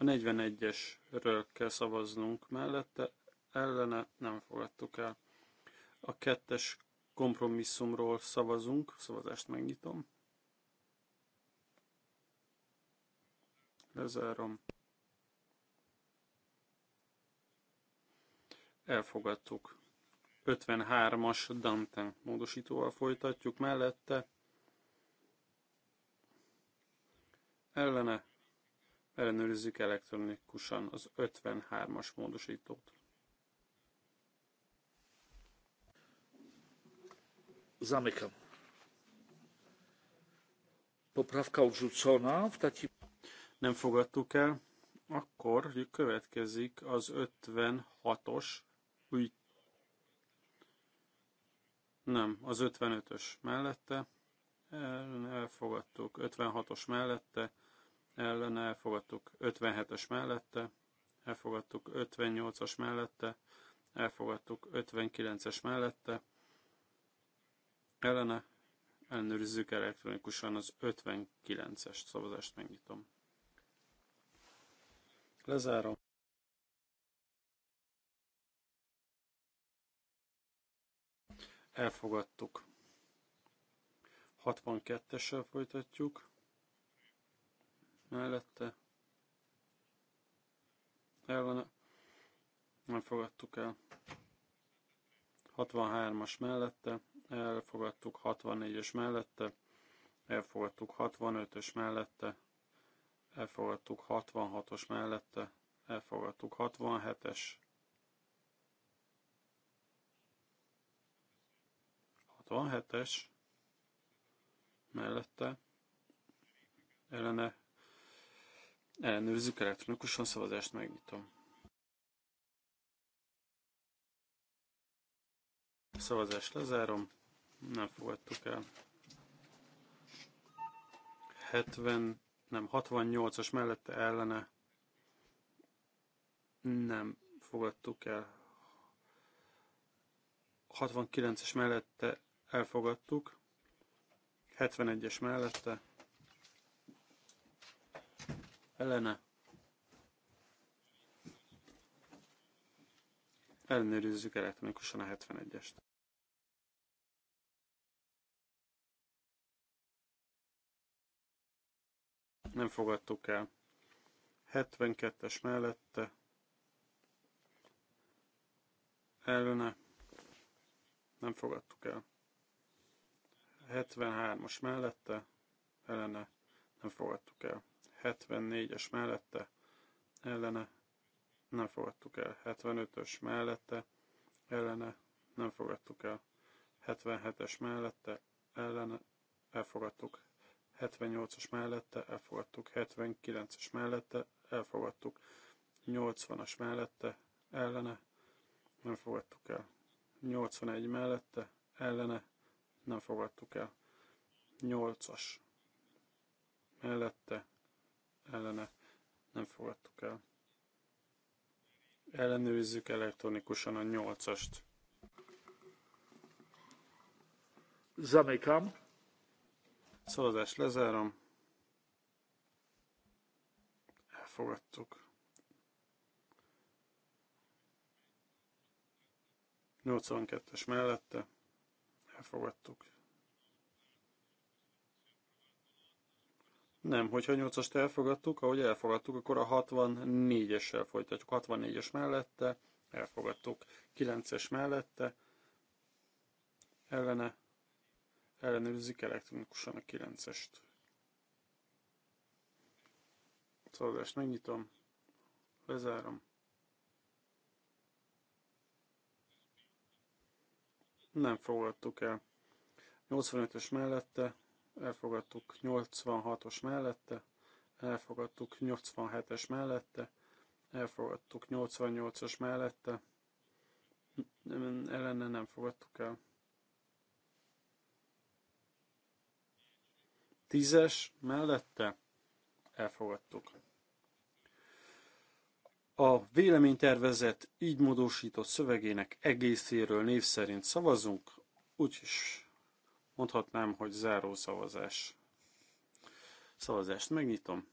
A 41-esről kell szavaznunk mellette, ellene nem fogadtuk el. A kettes kompromisszumról szavazunk, szavazást megnyitom. Lezárom. Elfogadtuk. 53-as Dante módosítóval folytatjuk mellette. Ellene Ellenőrizzük elektronikusan az 53-as módosítót. Zamykam. Poprawka odrzucona w taki... Nem fogadtuk el. Akkor következik az 56-os új... Nem, az 55-ös mellette. Elfogadtuk. 56-os mellette ellen elfogadtuk 57-es mellette, elfogadtuk 58-as mellette, elfogadtuk 59-es mellette, ellene ellenőrizzük elektronikusan az 59-es szavazást megnyitom. Lezárom. Elfogadtuk. 62-essel folytatjuk mellette El van a... nem fogadtuk el. 63-as mellette elfogadtuk, 64-es mellette elfogadtuk, 65-ös mellette elfogadtuk, 66-os mellette elfogadtuk, 67-es 67-es mellette ellene Ellenőrizzük elektronikusan, szavazást megnyitom. Szavazást lezárom, nem fogadtuk el. 70, nem 68-as mellette ellene nem fogadtuk el. 69-es mellette elfogadtuk, 71-es mellette Elena. Ellenőrizzük elektronikusan a 71-est. Nem fogadtuk el. 72-es mellette ellene nem fogadtuk el. 73-as mellette ellene nem fogadtuk el. 74-es mellette ellene nem fogadtuk el. 75-ös mellette ellene nem fogadtuk el. 77-es mellette ellene elfogadtuk. 78-as mellette elfogadtuk. 79-es mellette elfogadtuk. 80-as mellette ellene nem fogadtuk el. 81 mellette ellene nem fogadtuk el. 8-as mellette ellene nem fogadtuk el. Ellenőrizzük elektronikusan a 8-ast. Zamykam. Szavazást lezárom. Elfogadtuk. 82-es mellette. Elfogadtuk. Nem, hogyha 8-ast elfogadtuk, ahogy elfogadtuk, akkor a 64-essel folytatjuk. 64-es mellette, elfogadtuk. 9-es mellette, ellene, ellenőrzik elektronikusan a 9-est. Szolgást megnyitom, lezárom. Nem fogadtuk el. 85-ös mellette, elfogadtuk 86-os mellette, elfogadtuk 87-es mellette, elfogadtuk 88-as mellette, ellene nem fogadtuk el. 10-es mellette elfogadtuk. A véleménytervezet így módosított szövegének egészéről név szerint szavazunk, úgyis Mondhatnám, hogy záró szavazás. Szavazást megnyitom.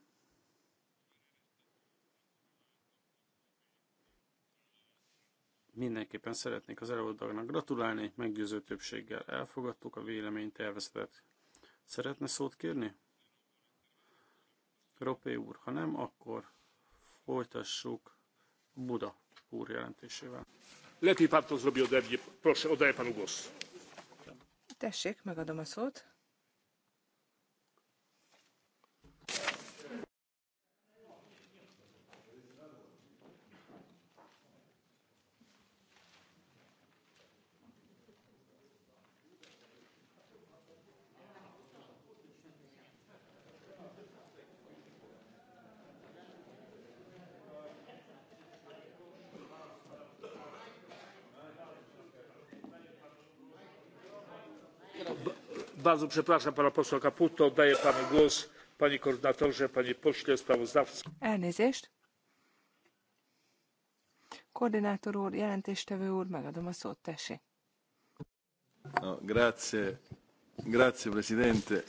Mindenképpen szeretnék az előadagnak gratulálni, meggyőző többséggel elfogadtuk a vélemény tervezetet. Szeretne szót kérni? Ropé úr, ha nem, akkor folytassuk Buda úr jelentésével. Leti pan to zrobi panu głos. Tessék, megadom a szót. bardzo przepraszam pana posła caputo oddaję panu głos panie koordynatorze panie pośle sprawozdawco. elnézést koordinátor úr jelentéstevő úr megadom a szót tessék. No, grazie. Grazie, Presidente.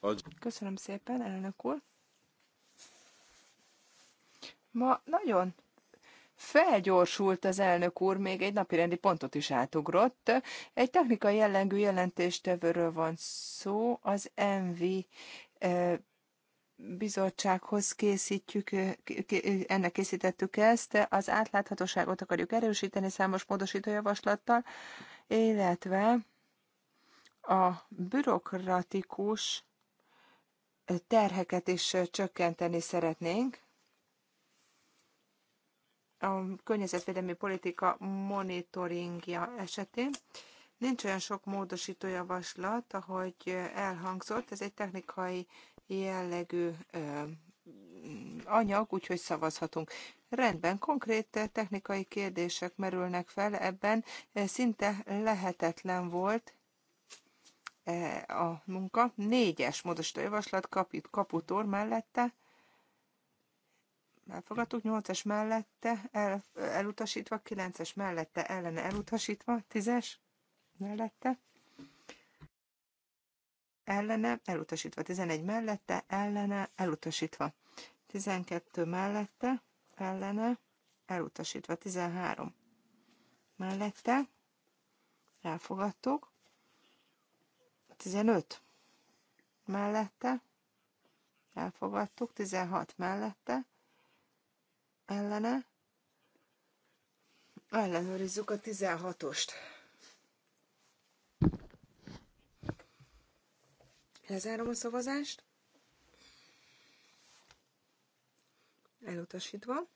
Oggi... Köszönöm szépen, elnök úr. Ma nagyon felgyorsult az elnök úr, még egy napirendi pontot is átugrott. Egy technikai jellegű jelentéstevőről van szó, az MV bizottsághoz készítjük, ennek készítettük ezt, az átláthatóságot akarjuk erősíteni számos módosító javaslattal, illetve a bürokratikus terheket is csökkenteni szeretnénk a környezetvédelmi politika monitoringja esetén. Nincs olyan sok módosító javaslat, ahogy elhangzott, ez egy technikai jellegű anyag, úgyhogy szavazhatunk. Rendben, konkrét technikai kérdések merülnek fel ebben. Szinte lehetetlen volt a munka. Négyes módosító javaslat kaput, kaputor mellette elfogadtuk, 8 es mellette el, elutasítva, 9-es mellette ellene elutasítva, 10-es mellette ellene elutasítva, 11 mellette ellene elutasítva, 12 mellette ellene elutasítva, 13 mellette elfogadtuk, 15 mellette elfogadtuk, 16 mellette ellene. Ellenőrizzük a 16-ost. Lezárom a szavazást. Elutasítva.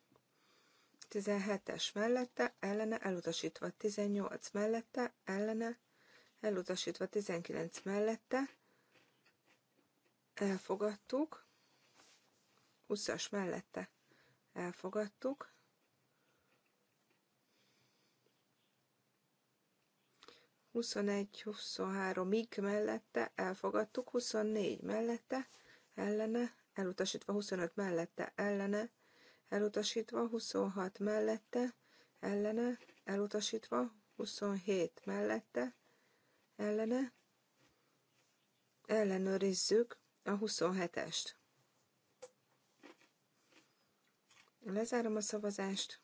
17-es mellette, ellene, elutasítva. 18 mellette, ellene, elutasítva. 19 mellette. Elfogadtuk. 20-as mellette elfogadtuk. Huszonegy, huszonháromig mellette elfogadtuk, 24 mellette ellene, elutasítva 25 mellette ellene, elutasítva 26 mellette ellene, elutasítva 27 mellette ellene, ellenőrizzük a 27-est. Lezárom a szavazást.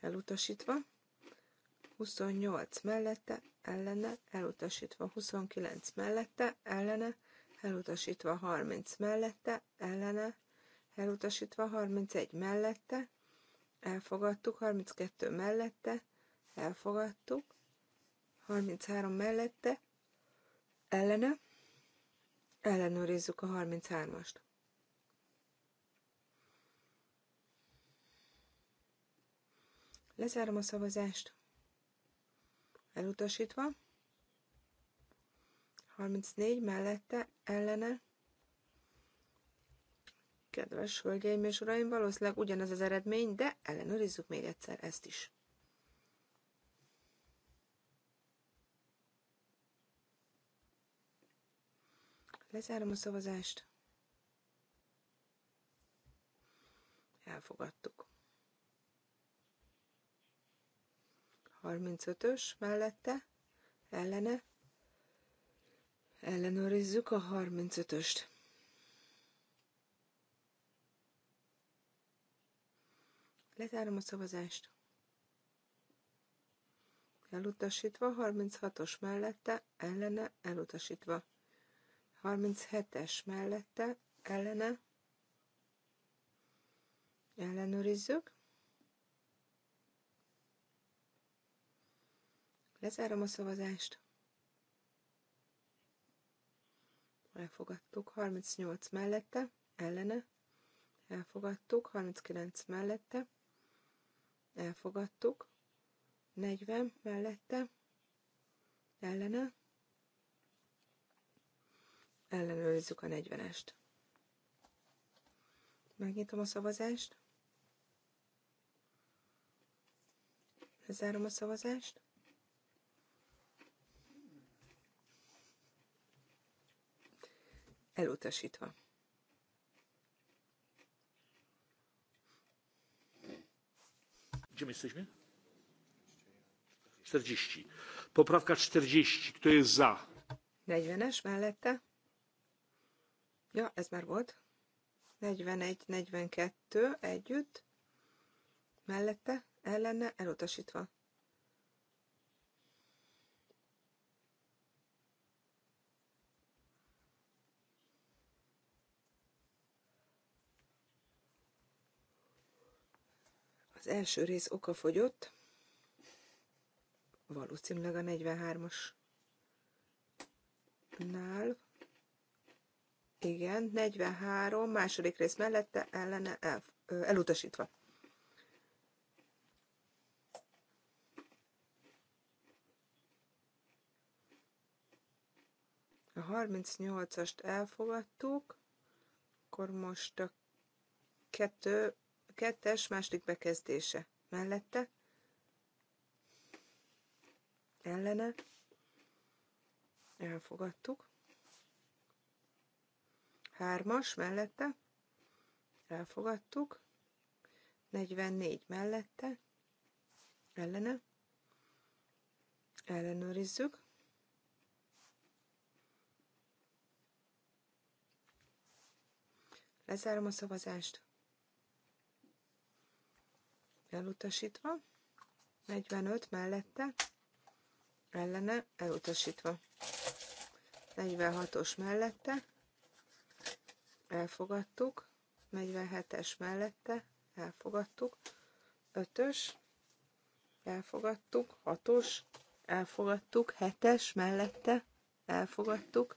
Elutasítva. 28 mellette, ellene, elutasítva. 29 mellette, ellene, elutasítva. 30 mellette, ellene, elutasítva. 31 mellette, elfogadtuk. 32 mellette, elfogadtuk. 33 mellette, ellene, ellenőrizzük a 33-ast. Lezárom a szavazást. Elutasítva. 34 mellette, ellene. Kedves hölgyeim és uraim, valószínűleg ugyanaz az eredmény, de ellenőrizzük még egyszer ezt is. Lezárom a szavazást. Elfogadtuk. 35-ös mellette, ellene, ellenőrizzük a 35-öst. Letárom a szavazást. Elutasítva, 36-os mellette, ellene, elutasítva. 37-es mellette, ellene, ellenőrizzük. Lezárom a szavazást. Elfogadtuk. 38 mellette, ellene. Elfogadtuk. 39 mellette. Elfogadtuk. 40 mellette. Ellene. Ellenőrizzük a 40-est. Megnyitom a szavazást. Lezárom a szavazást. elutasítva. Gdzie my jesteśmy? 40. Poprawka 40. Kto jest za? 40-es mellette. Ja, ez már volt. 41-42 együtt. Mellette, ellenne, elutasítva. első rész okafogyott, valószínűleg a 43-as nál. Igen, 43, második rész mellette ellene el, elutasítva. A 38-ast elfogadtuk, akkor most a kettő kettes második bekezdése mellette, ellene, elfogadtuk. Hármas mellette, elfogadtuk. 44 mellette, ellene, ellenőrizzük. Lezárom a szavazást elutasítva, 45 mellette, ellene, elutasítva, 46-os mellette, elfogadtuk, 47-es mellette, elfogadtuk, 5-ös, elfogadtuk, 6-os, elfogadtuk, 7-es mellette, elfogadtuk,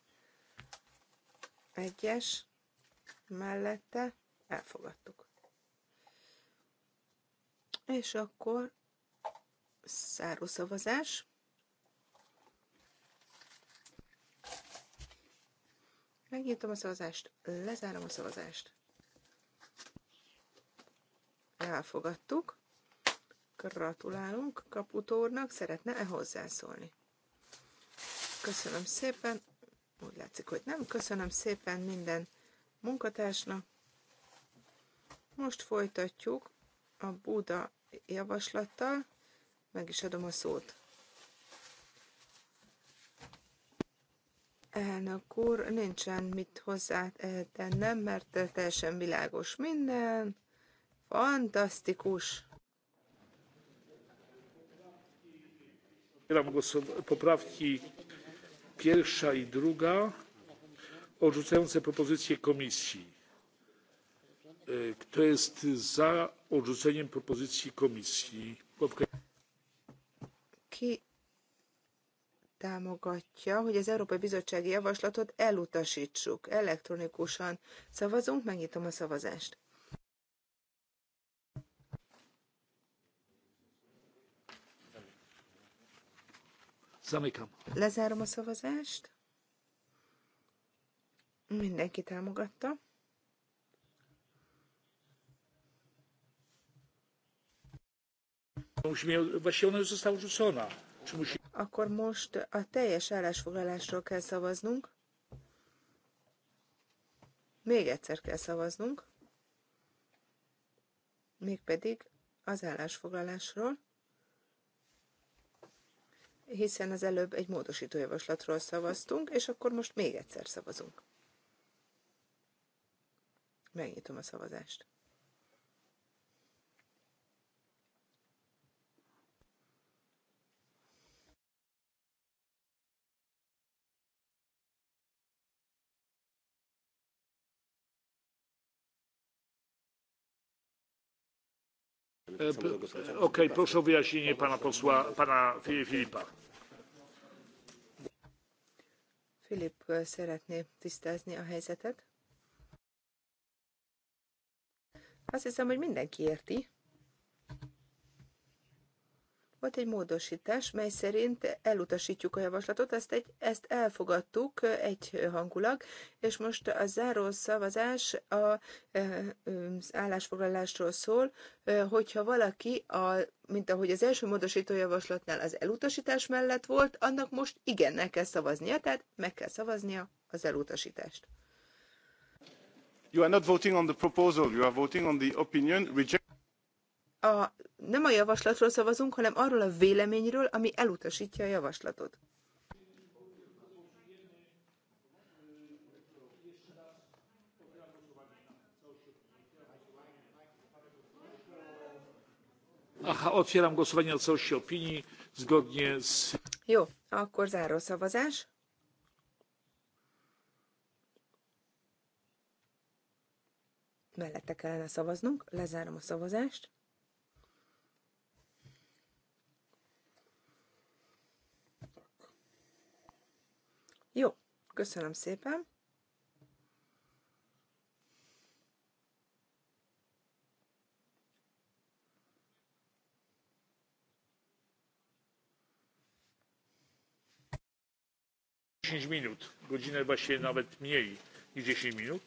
1-es mellette, elfogadtuk. És akkor száró szavazás. Megnyitom a szavazást, lezárom a szavazást. Elfogadtuk. Gratulálunk kaputórnak, szeretne-e hozzászólni? Köszönöm szépen. Úgy látszik, hogy nem. Köszönöm szépen minden munkatársnak. Most folytatjuk a Buda javaslattal. Meg is adom a szót. Elnök úr, nincsen mit eh, tennem, mert eh, teljesen világos minden. Fantasztikus! poprawki pierwsza i druga odrzucające propozycje komisji. E, kto jest za odrzuceniem propozycji komisji? Ki támogatja, hogy az Európai Bizottsági Javaslatot elutasítsuk. Elektronikusan szavazunk, megnyitom a szavazást. Zamykam. Lezárom a szavazást. Mindenki támogatta. Akkor most a teljes állásfoglalásról kell szavaznunk. Még egyszer kell szavaznunk. Mégpedig az állásfoglalásról, hiszen az előbb egy módosítójavaslatról szavaztunk, és akkor most még egyszer szavazunk. Megnyitom a szavazást. E, okej, okay, proszę o wyjaśnienie pana posła, pana Filipa. Filip e, szeretné tisztázni a helyzetet. Azt hiszem, hogy mindenki érti. Volt egy módosítás, mely szerint elutasítjuk a javaslatot, ezt, egy, ezt elfogadtuk egyhangulag, és most a záró szavazás a, e, az állásfoglalásról szól, e, hogyha valaki, a, mint ahogy az első módosító javaslatnál az elutasítás mellett volt, annak most igennel kell szavaznia, tehát meg kell szavaznia az elutasítást. You are not voting on the proposal, you are voting on the opinion. Reject a, nem a javaslatról szavazunk, hanem arról a véleményről, ami elutasítja a javaslatot. Aha, otwieram głosowanie na całości opinii zgodnie z... Jó, akkor záró szavazás. Mellette kellene szavaznunk, lezárom a szavazást. Jó, köszönöm szépen. minut, się nawet mniej niż 10 minut.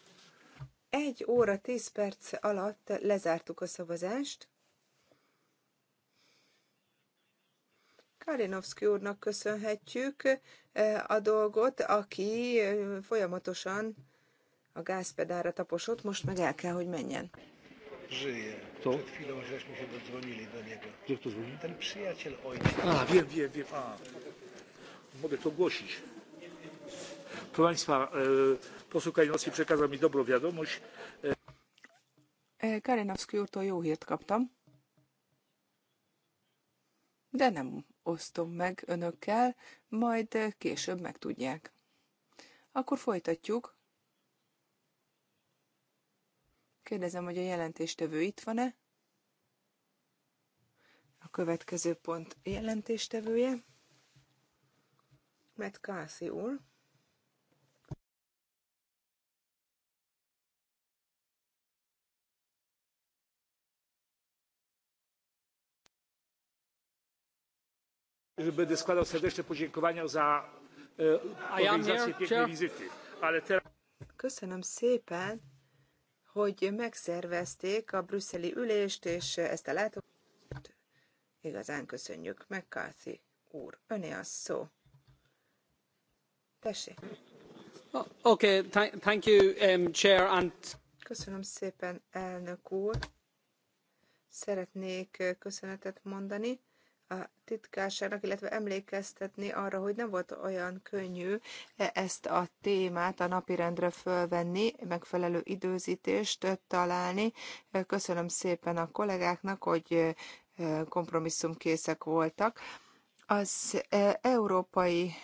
Egy óra 10 perc alatt lezártuk a szavazást. Kalinowski úrnak köszönhetjük e, a dolgot, aki e, folyamatosan a gázpedára taposott, most meg el kell, hogy menjen. Żyje. To? Przed chwilą żeśmy się dodzwonili do niego. Kto to dzwoni? Ten przyjaciel ojca. A, wiem, wiem, wiem. A, mogę to głosić. Proszę Państwa, e, poseł Kalinowski przekazał mi dobrą wiadomość. E... e Kalinowski úrtól jó hírt kaptam de nem osztom meg önökkel, majd eh, később megtudják. Akkor folytatjuk. Kérdezem, hogy a jelentéstevő itt van-e? A következő pont jelentéstevője. Matt Kászi úr. Będę składał serdeczne podziękowania za e, organizację pięknej wizyty. Ale teraz... Köszönöm szépen, hogy megszervezték a brüsszeli ülést, és ezt a látogatást igazán köszönjük. McCarthy úr, öné a szó. Tessék. Oh, okay, thank you, um, Chair. And... Köszönöm szépen, elnök úr. Szeretnék köszönetet mondani a titkárságnak, illetve emlékeztetni arra, hogy nem volt olyan könnyű e ezt a témát a napirendre fölvenni, megfelelő időzítést találni. Köszönöm szépen a kollégáknak, hogy e, kompromisszumkészek voltak. Az e, európai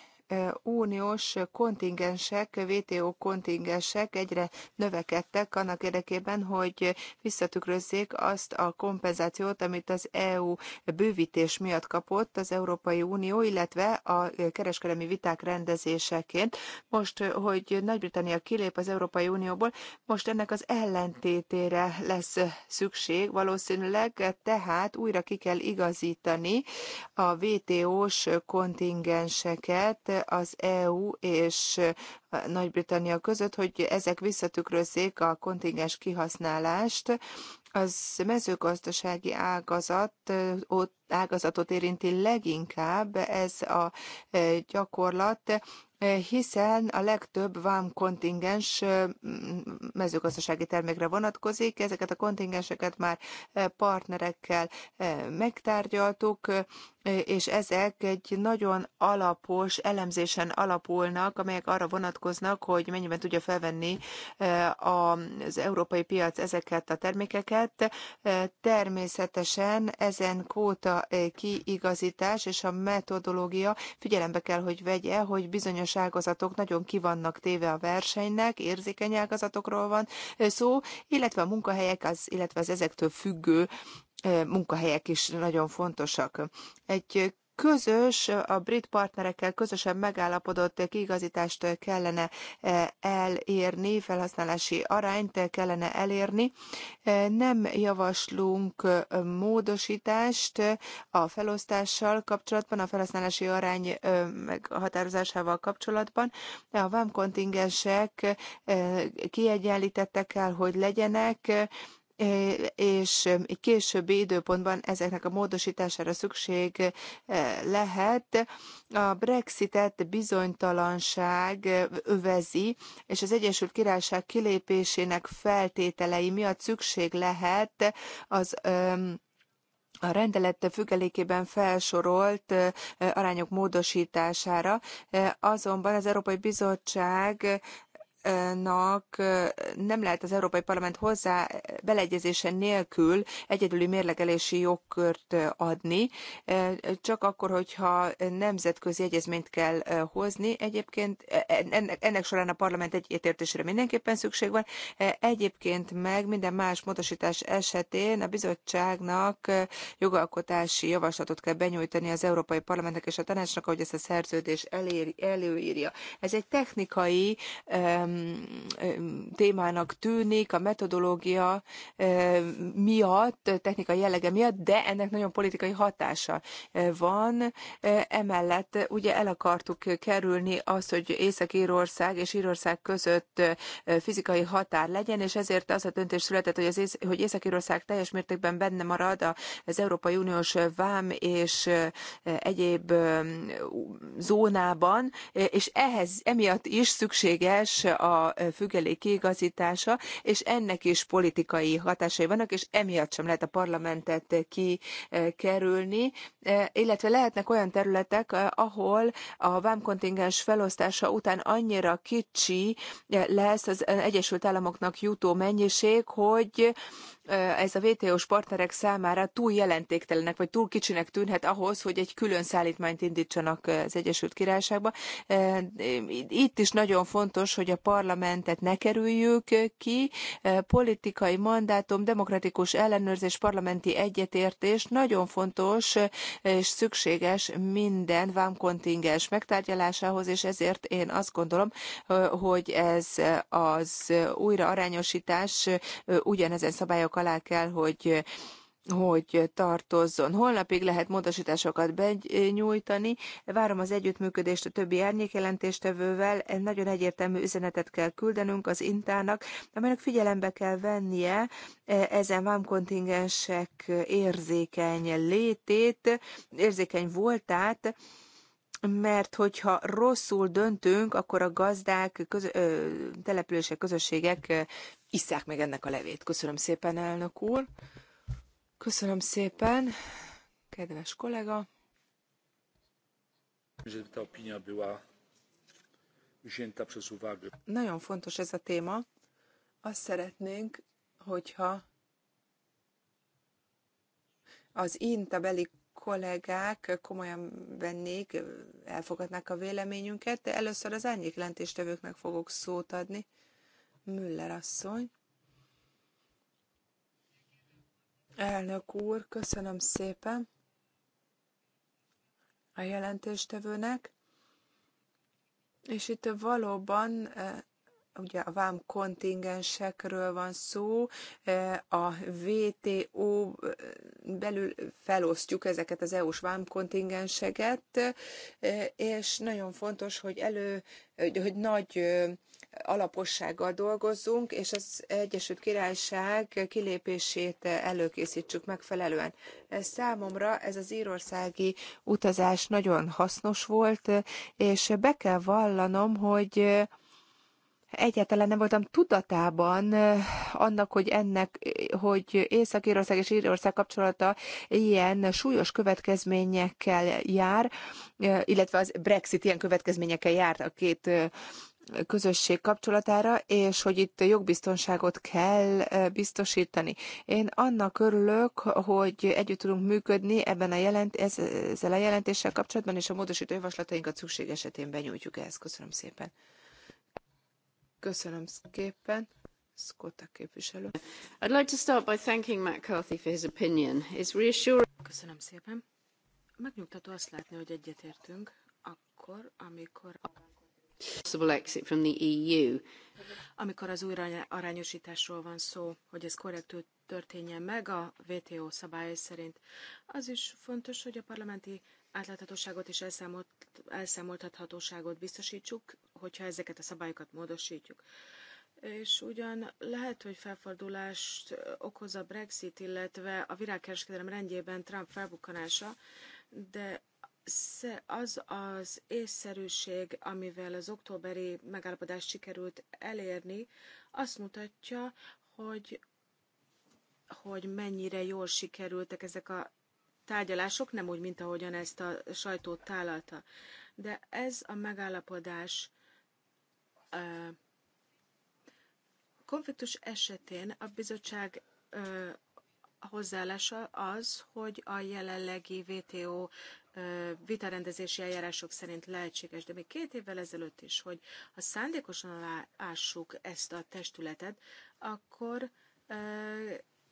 uniós kontingensek, WTO kontingensek egyre növekedtek annak érdekében, hogy visszatükrözzék azt a kompenzációt, amit az EU bővítés miatt kapott az Európai Unió, illetve a kereskedelmi viták rendezéseként. Most, hogy Nagy-Britannia kilép az Európai Unióból, most ennek az ellentétére lesz szükség valószínűleg, tehát újra ki kell igazítani a vto s kontingenseket az EU és nagy-Britannia között, hogy ezek visszatükrözzék a kontingens kihasználást. Az mezőgazdasági ágazat, ott ágazatot érinti leginkább ez a gyakorlat, hiszen a legtöbb vám kontingens mezőgazdasági termékre vonatkozik. Ezeket a kontingenseket már partnerekkel megtárgyaltuk, és ezek egy nagyon alapos elemzésen alapulnak, amelyek arra vonatkoznak, vonatkoznak, hogy mennyiben tudja felvenni e, az európai piac ezeket a termékeket. E, természetesen ezen kóta e, kiigazítás és a metodológia figyelembe kell, hogy vegye, hogy bizonyos ágazatok nagyon kivannak téve a versenynek, érzékeny ágazatokról van szó, illetve a munkahelyek, az, illetve az ezektől függő munkahelyek is nagyon fontosak. Egy közös, a brit partnerekkel közösen megállapodott kiigazítást kellene eh, elérni, felhasználási arányt kellene elérni. Eh, nem javaslunk eh, módosítást a felosztással kapcsolatban, a felhasználási arány meghatározásával kapcsolatban. A vámkontingensek kiegyenlítettek kell, hogy legyenek, és egy későbbi időpontban ezeknek a módosítására szükség lehet. A Brexitet bizonytalanság övezi, és az Egyesült Királyság kilépésének feltételei miatt szükség lehet az a rendelette függelékében felsorolt arányok módosítására, azonban az Európai Bizottság nak nem lehet az Európai Parlament hozzá beleegyezése nélkül egyedüli mérlegelési jogkört adni, csak akkor, hogyha nemzetközi egyezményt kell hozni. Egyébként e, ennek, során a parlament egyetértésére mindenképpen szükség van. Egyébként meg minden más módosítás esetén a bizottságnak jogalkotási javaslatot kell benyújtani az Európai Parlamentnek és a tanácsnak, ahogy ezt a szerződés elér, előírja. Ez egy technikai um, témának tűnik a metodológia miatt, technikai jellege miatt, de ennek nagyon politikai hatása van. Emellett ugye el akartuk kerülni azt, hogy Észak-Írország és Írország között fizikai határ legyen, és ezért az a döntés született, hogy, az, hogy Észak-Írország teljes mértékben benne marad az Európai Uniós vám és egyéb zónában, és ehhez emiatt is szükséges a függelék kiigazítása, és ennek is politikai hatásai vannak, és emiatt sem lehet a parlamentet kikerülni, e, illetve lehetnek olyan területek, e, ahol a vámkontingens felosztása után annyira kicsi e, lesz az Egyesült Államoknak jutó mennyiség, hogy ez a WTO-s partnerek számára túl jelentéktelenek, vagy túl kicsinek tűnhet ahhoz, hogy egy külön szállítmányt indítsanak az Egyesült Királyságba. Itt is nagyon fontos, hogy a parlamentet ne kerüljük ki. Politikai mandátum, demokratikus ellenőrzés, parlamenti egyetértés nagyon fontos és szükséges minden vámkontingens megtárgyalásához, és ezért én azt gondolom, hogy ez az újraarányosítás ugyanezen szabályokat alá kell, hogy hogy tartozzon. Holnapig lehet módosításokat benyújtani. Várom az együttműködést a többi árnyékjelentéstevővel. Nagyon egyértelmű üzenetet kell küldenünk az intának, amelynek figyelembe kell vennie e, ezen vámkontingensek érzékeny létét, érzékeny voltát, mert hogyha rosszul döntünk, akkor a gazdák, köz, ö, települések, közösségek ö, isszák meg ennek a levét. Köszönöm szépen, elnök úr. Köszönöm szépen, kedves kollega. Nagyon fontos ez a téma. Azt szeretnénk, hogyha az intabeli beli kollégák komolyan vennék, elfogadnák a véleményünket, de először az árnyék lentéstevőknek fogok szót adni. Müller asszony. Elnök úr, köszönöm szépen a jelentéstevőnek. És itt valóban eh, ugye a vám kontingensekről van szó, e, a VTO e, belül felosztjuk ezeket az EU-s vám kontingenseket, e, és nagyon fontos, hogy elő, hogy nagy alapossággal dolgozzunk, és az Egyesült Királyság kilépését előkészítsük megfelelően. Számomra ez az írországi utazás nagyon hasznos volt, és be kell vallanom, hogy egyáltalán nem voltam tudatában eh, annak, hogy ennek, eh, hogy Észak-Írország és Írország kapcsolata ilyen súlyos következményekkel jár, eh, illetve az Brexit ilyen következményekkel jár a két közösség kapcsolatára, és hogy itt jogbiztonságot kell biztosítani. Én annak örülök, hogy együtt tudunk működni ebben a jelent, ezzel a jelentéssel kapcsolatban, és a módosító javaslatainkat szükség esetén benyújtjuk ehhez. Köszönöm szépen. Köszönöm szépen. képviselő. I'd like to start by thanking Matt Carthy for his opinion. It's reassuring. Köszönöm szépen. Megnyugtató azt látni, hogy egyetértünk akkor, amikor possible exit from the EU. Amikor az újra arányosításról van szó, hogy ez korrektül történjen meg a WTO szabályai szerint, az is fontos, hogy a parlamenti átláthatóságot és elszámolt, elszámoltathatóságot biztosítsuk, hogyha ezeket a szabályokat módosítjuk. És ugyan lehet, hogy felfordulást okoz a Brexit, illetve a virágkereskedelem rendjében Trump felbukkanása, de az az észszerűség, amivel az októberi megállapodást sikerült elérni, azt mutatja, hogy hogy mennyire jól sikerültek ezek a tárgyalások, nem úgy, mint ahogyan ezt a sajtót tálalta. De ez a megállapodás konfliktus esetén a bizottság hozzáállása az, hogy a jelenlegi VTO vitarendezési eljárások szerint lehetséges, de még két évvel ezelőtt is, hogy ha szándékosan ássuk ezt a testületet, akkor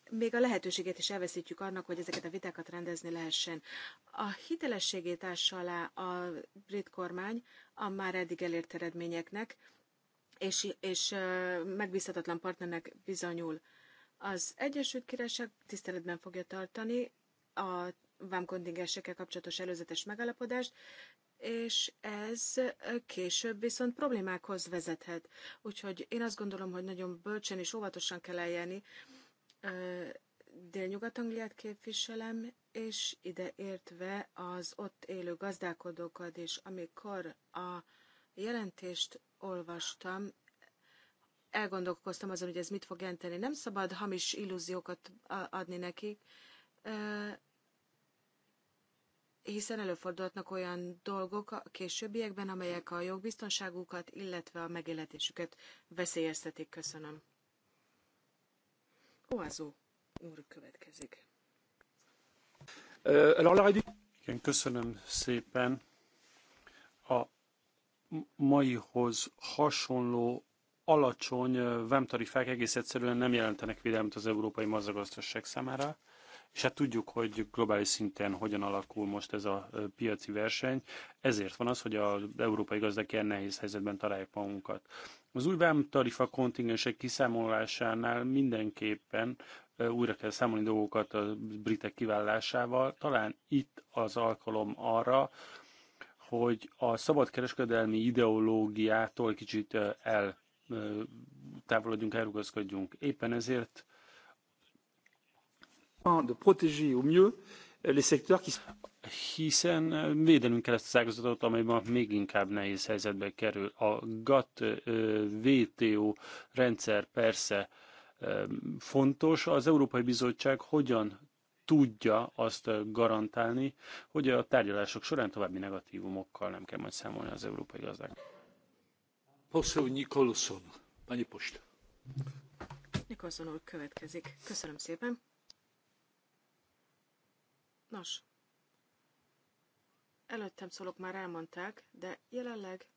még a lehetőséget is elveszítjük annak, hogy ezeket a vitákat rendezni lehessen. A hitelességét ássa alá a brit kormány a már eddig elért eredményeknek, és, és megbízhatatlan partnernek bizonyul. Az Egyesült Királyság tiszteletben fogja tartani a vámkontingensekkel kapcsolatos előzetes megállapodást, és ez később viszont problémákhoz vezethet. Úgyhogy én azt gondolom, hogy nagyon bölcsen és óvatosan kell eljárni, Délnyugat-Angliát képviselem, és ide értve az ott élő gazdálkodókat és Amikor a jelentést olvastam, elgondolkoztam azon, hogy ez mit fog jelenteni. Nem szabad hamis illúziókat adni nekik, hiszen előfordulhatnak olyan dolgok a későbbiekben, amelyek a jogbiztonságukat, illetve a megéletésüket veszélyeztetik. Köszönöm. Oázó úr következik. Igen, köszönöm szépen. A maihoz hasonló alacsony vámtarifák egész egyszerűen nem jelentenek védelmet az európai mazdagazdaság számára, és hát tudjuk, hogy globális szinten hogyan alakul most ez a piaci verseny, ezért van az, hogy az európai gazdák ilyen nehéz helyzetben találják magunkat. Az új vámtarifa kontingensek kiszámolásánál mindenképpen újra kell számolni dolgokat a britek kivállásával. Talán itt az alkalom arra, hogy a szabadkereskedelmi ideológiától kicsit el távolodjunk, elrugaszkodjunk. Éppen ezért de protéger au mieux les secteurs qui hiszen védenünk kell ezt az ágazatot, amely ma még inkább nehéz helyzetbe kerül. A GATT VTO rendszer persze fontos, az Európai Bizottság hogyan tudja azt garantálni, hogy a tárgyalások során további negatívumokkal nem kell majd számolni az európai gazdák. Poszó Nikolson, Pani Post. Nikolson úr következik. Köszönöm szépen. Nos, előttem szólók már elmondták, de jelenleg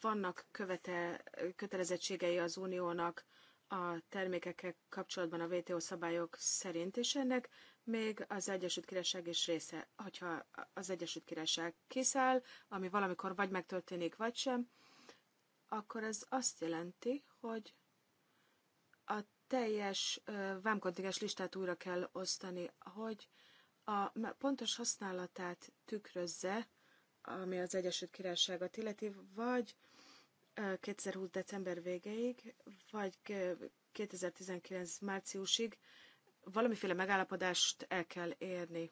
vannak követe, kötelezettségei az uniónak a termékekkel kapcsolatban a WTO szabályok szerint, és ennek még az Egyesült Királyság is része. Hogyha az Egyesült Királyság kiszáll, ami valamikor vagy megtörténik, vagy sem, akkor ez azt jelenti, hogy a teljes vámkontingens listát újra kell osztani, hogy a pontos használatát tükrözze, ami az Egyesült Királyságot illeti, vagy 2020. december végéig, vagy 2019. márciusig valamiféle megállapodást el kell érni.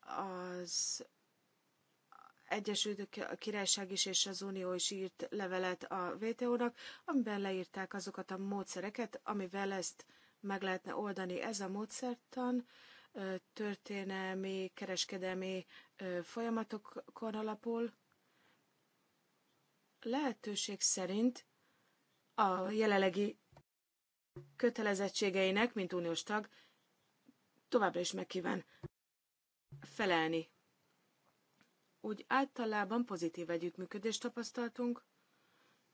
Az Egyesült Királyság is és az Unió is írt levelet a WTO-nak, amiben leírták azokat a módszereket, amivel ezt meg lehetne oldani. Ez a módszertan történelmi, kereskedelmi folyamatokon alapul. Lehetőség szerint a jelenlegi kötelezettségeinek, mint uniós tag, továbbra is megkíván felelni. Úgy általában pozitív együttműködést tapasztaltunk,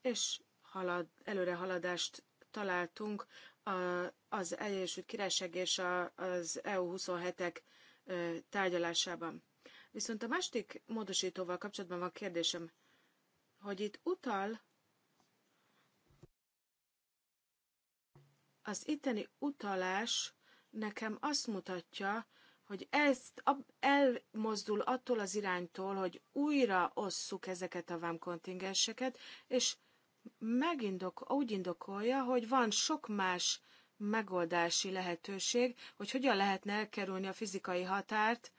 és halad, előrehaladást találtunk az Egyesült Királyság és az EU27-ek tárgyalásában. Viszont a másik módosítóval kapcsolatban van kérdésem, hogy itt utal az itteni utalás nekem azt mutatja, hogy ezt elmozdul attól az iránytól, hogy újra osszuk ezeket a vámkontingenseket, és megindok, úgy indokolja, hogy van sok más megoldási lehetőség, hogy hogyan lehetne elkerülni a fizikai határt,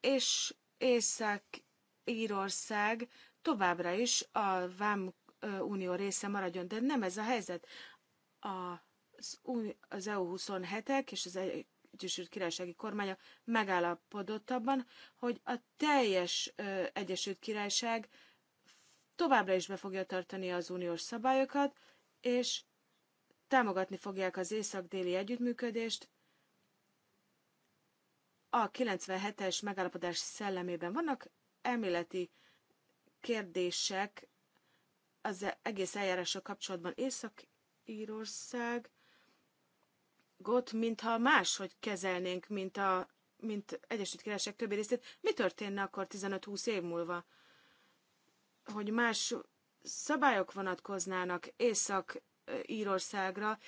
és Észak-Írország továbbra is a Vám Unió része maradjon, de nem ez a helyzet. Az EU27-ek és az Egyesült Királysági kormánya megállapodott abban, hogy a teljes Egyesült Királyság továbbra is be fogja tartani az uniós szabályokat, és támogatni fogják az észak-déli együttműködést, a 97-es megállapodás szellemében vannak elméleti kérdések az egész eljárással kapcsolatban. Észak-Írország Gott, mintha máshogy kezelnénk, mint, a, mint Egyesült Királyság többi részét. Mi történne akkor 15-20 év múlva? hogy más szabályok vonatkoznának Észak-Írországra,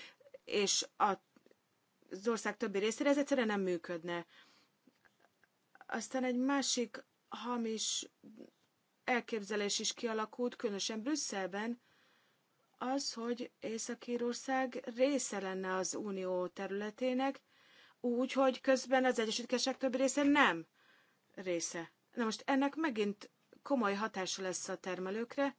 és az ország többi részére, ez egyszerűen nem működne. Aztán egy másik hamis elképzelés is kialakult, különösen Brüsszelben, az, hogy Észak-Írország része lenne az unió területének, úgy, hogy közben az Egyesült Királyság többi része nem része. Na most ennek megint komoly hatása lesz a termelőkre,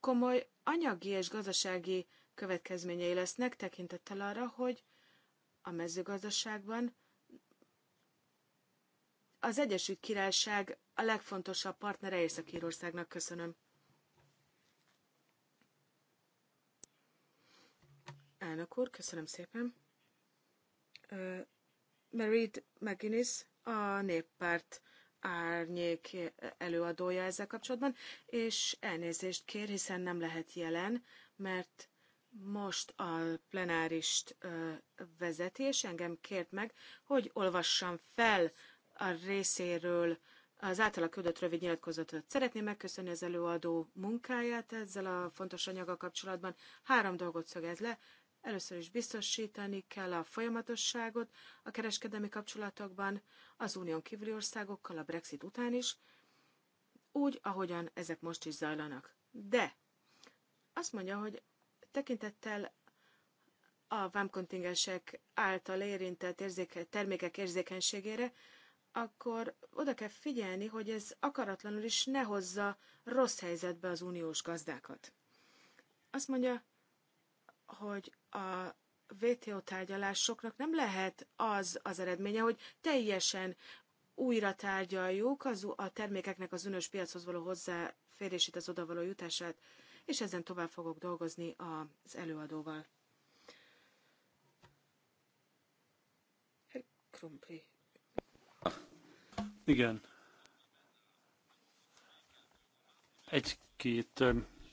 komoly anyagi és gazdasági következményei lesznek tekintettel arra, hogy a mezőgazdaságban az Egyesült Királyság a legfontosabb partnere Észak-Írországnak. Köszönöm. Elnök úr, köszönöm szépen. Uh, Merit McGuinness, a néppárt árnyék előadója ezzel kapcsolatban, és elnézést kér, hiszen nem lehet jelen, mert most a plenárist vezeti, és engem kért meg, hogy olvassam fel a részéről az általa küldött rövid nyilatkozatot. Szeretném megköszönni az előadó munkáját ezzel a fontos anyaggal kapcsolatban. Három dolgot szögez le. Először is biztosítani kell a folyamatosságot a kereskedelmi kapcsolatokban az unión kívüli országokkal a Brexit után is, úgy, ahogyan ezek most is zajlanak. De azt mondja, hogy tekintettel a vámkontingensek által érintett érzéke, termékek érzékenységére, akkor oda kell figyelni, hogy ez akaratlanul is ne hozza rossz helyzetbe az uniós gazdákat. Azt mondja, hogy a WTO tárgyalásoknak nem lehet az az eredménye, hogy teljesen újra tárgyaljuk az, a termékeknek az önös piachoz való hozzáférését, az oda való jutását, és ezen tovább fogok dolgozni az előadóval. Krumpli. Igen. Egy-két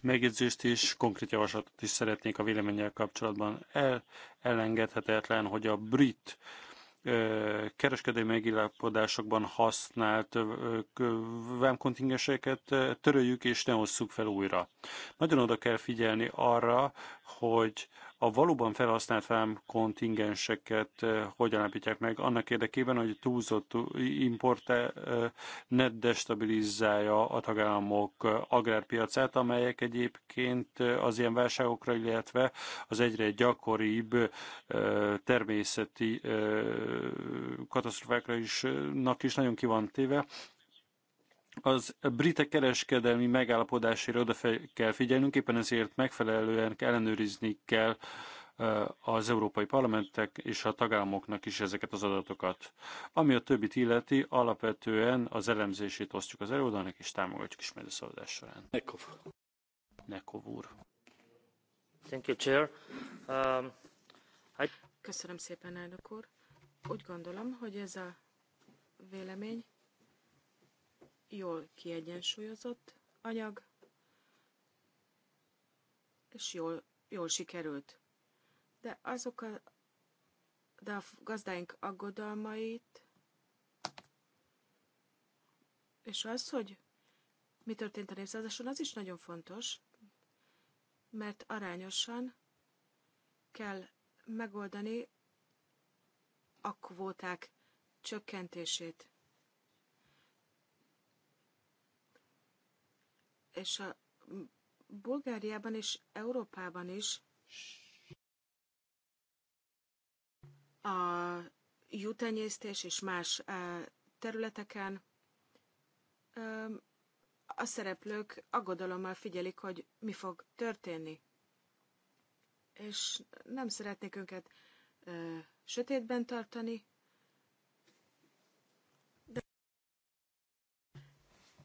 megjegyzést is, konkrét javaslatot is szeretnék a véleménnyel kapcsolatban. El, elengedhetetlen, hogy a brit ö, kereskedelmi megállapodásokban használt vámkontingenseket töröljük és ne osszuk fel újra. Nagyon oda kell figyelni arra, hogy a valóban felhasznált fám kontingenseket eh, hogyan állapítják meg annak érdekében, hogy túlzott import eh, ne destabilizálja a tagállamok eh, agrárpiacát, amelyek egyébként az ilyen válságokra, illetve az egyre gyakoribb természeti katasztrofákra is, is nagyon kivantéve az brite kereskedelmi megállapodásért oda kell figyelnünk, éppen ezért megfelelően ellenőrizni kell az európai parlamentek és a tagállamoknak is ezeket az adatokat. Ami a többit illeti, alapvetően az elemzését osztjuk az előadónak, és támogatjuk ismét a szavazás során. Nekov. Nekov úr. Thank you, Chair. Um, I... Köszönöm szépen, elnök úr. Úgy gondolom, hogy ez a vélemény jól kiegyensúlyozott anyag, és jól, jól sikerült. De azok a, de a gazdáink aggodalmait, és az, hogy mi történt a népszázáson, az is nagyon fontos, mert arányosan kell megoldani a kvóták csökkentését. és a Bulgáriában és Európában is a jutenyésztés és más területeken a szereplők aggodalommal figyelik, hogy mi fog történni. És nem szeretnék őket sötétben tartani, de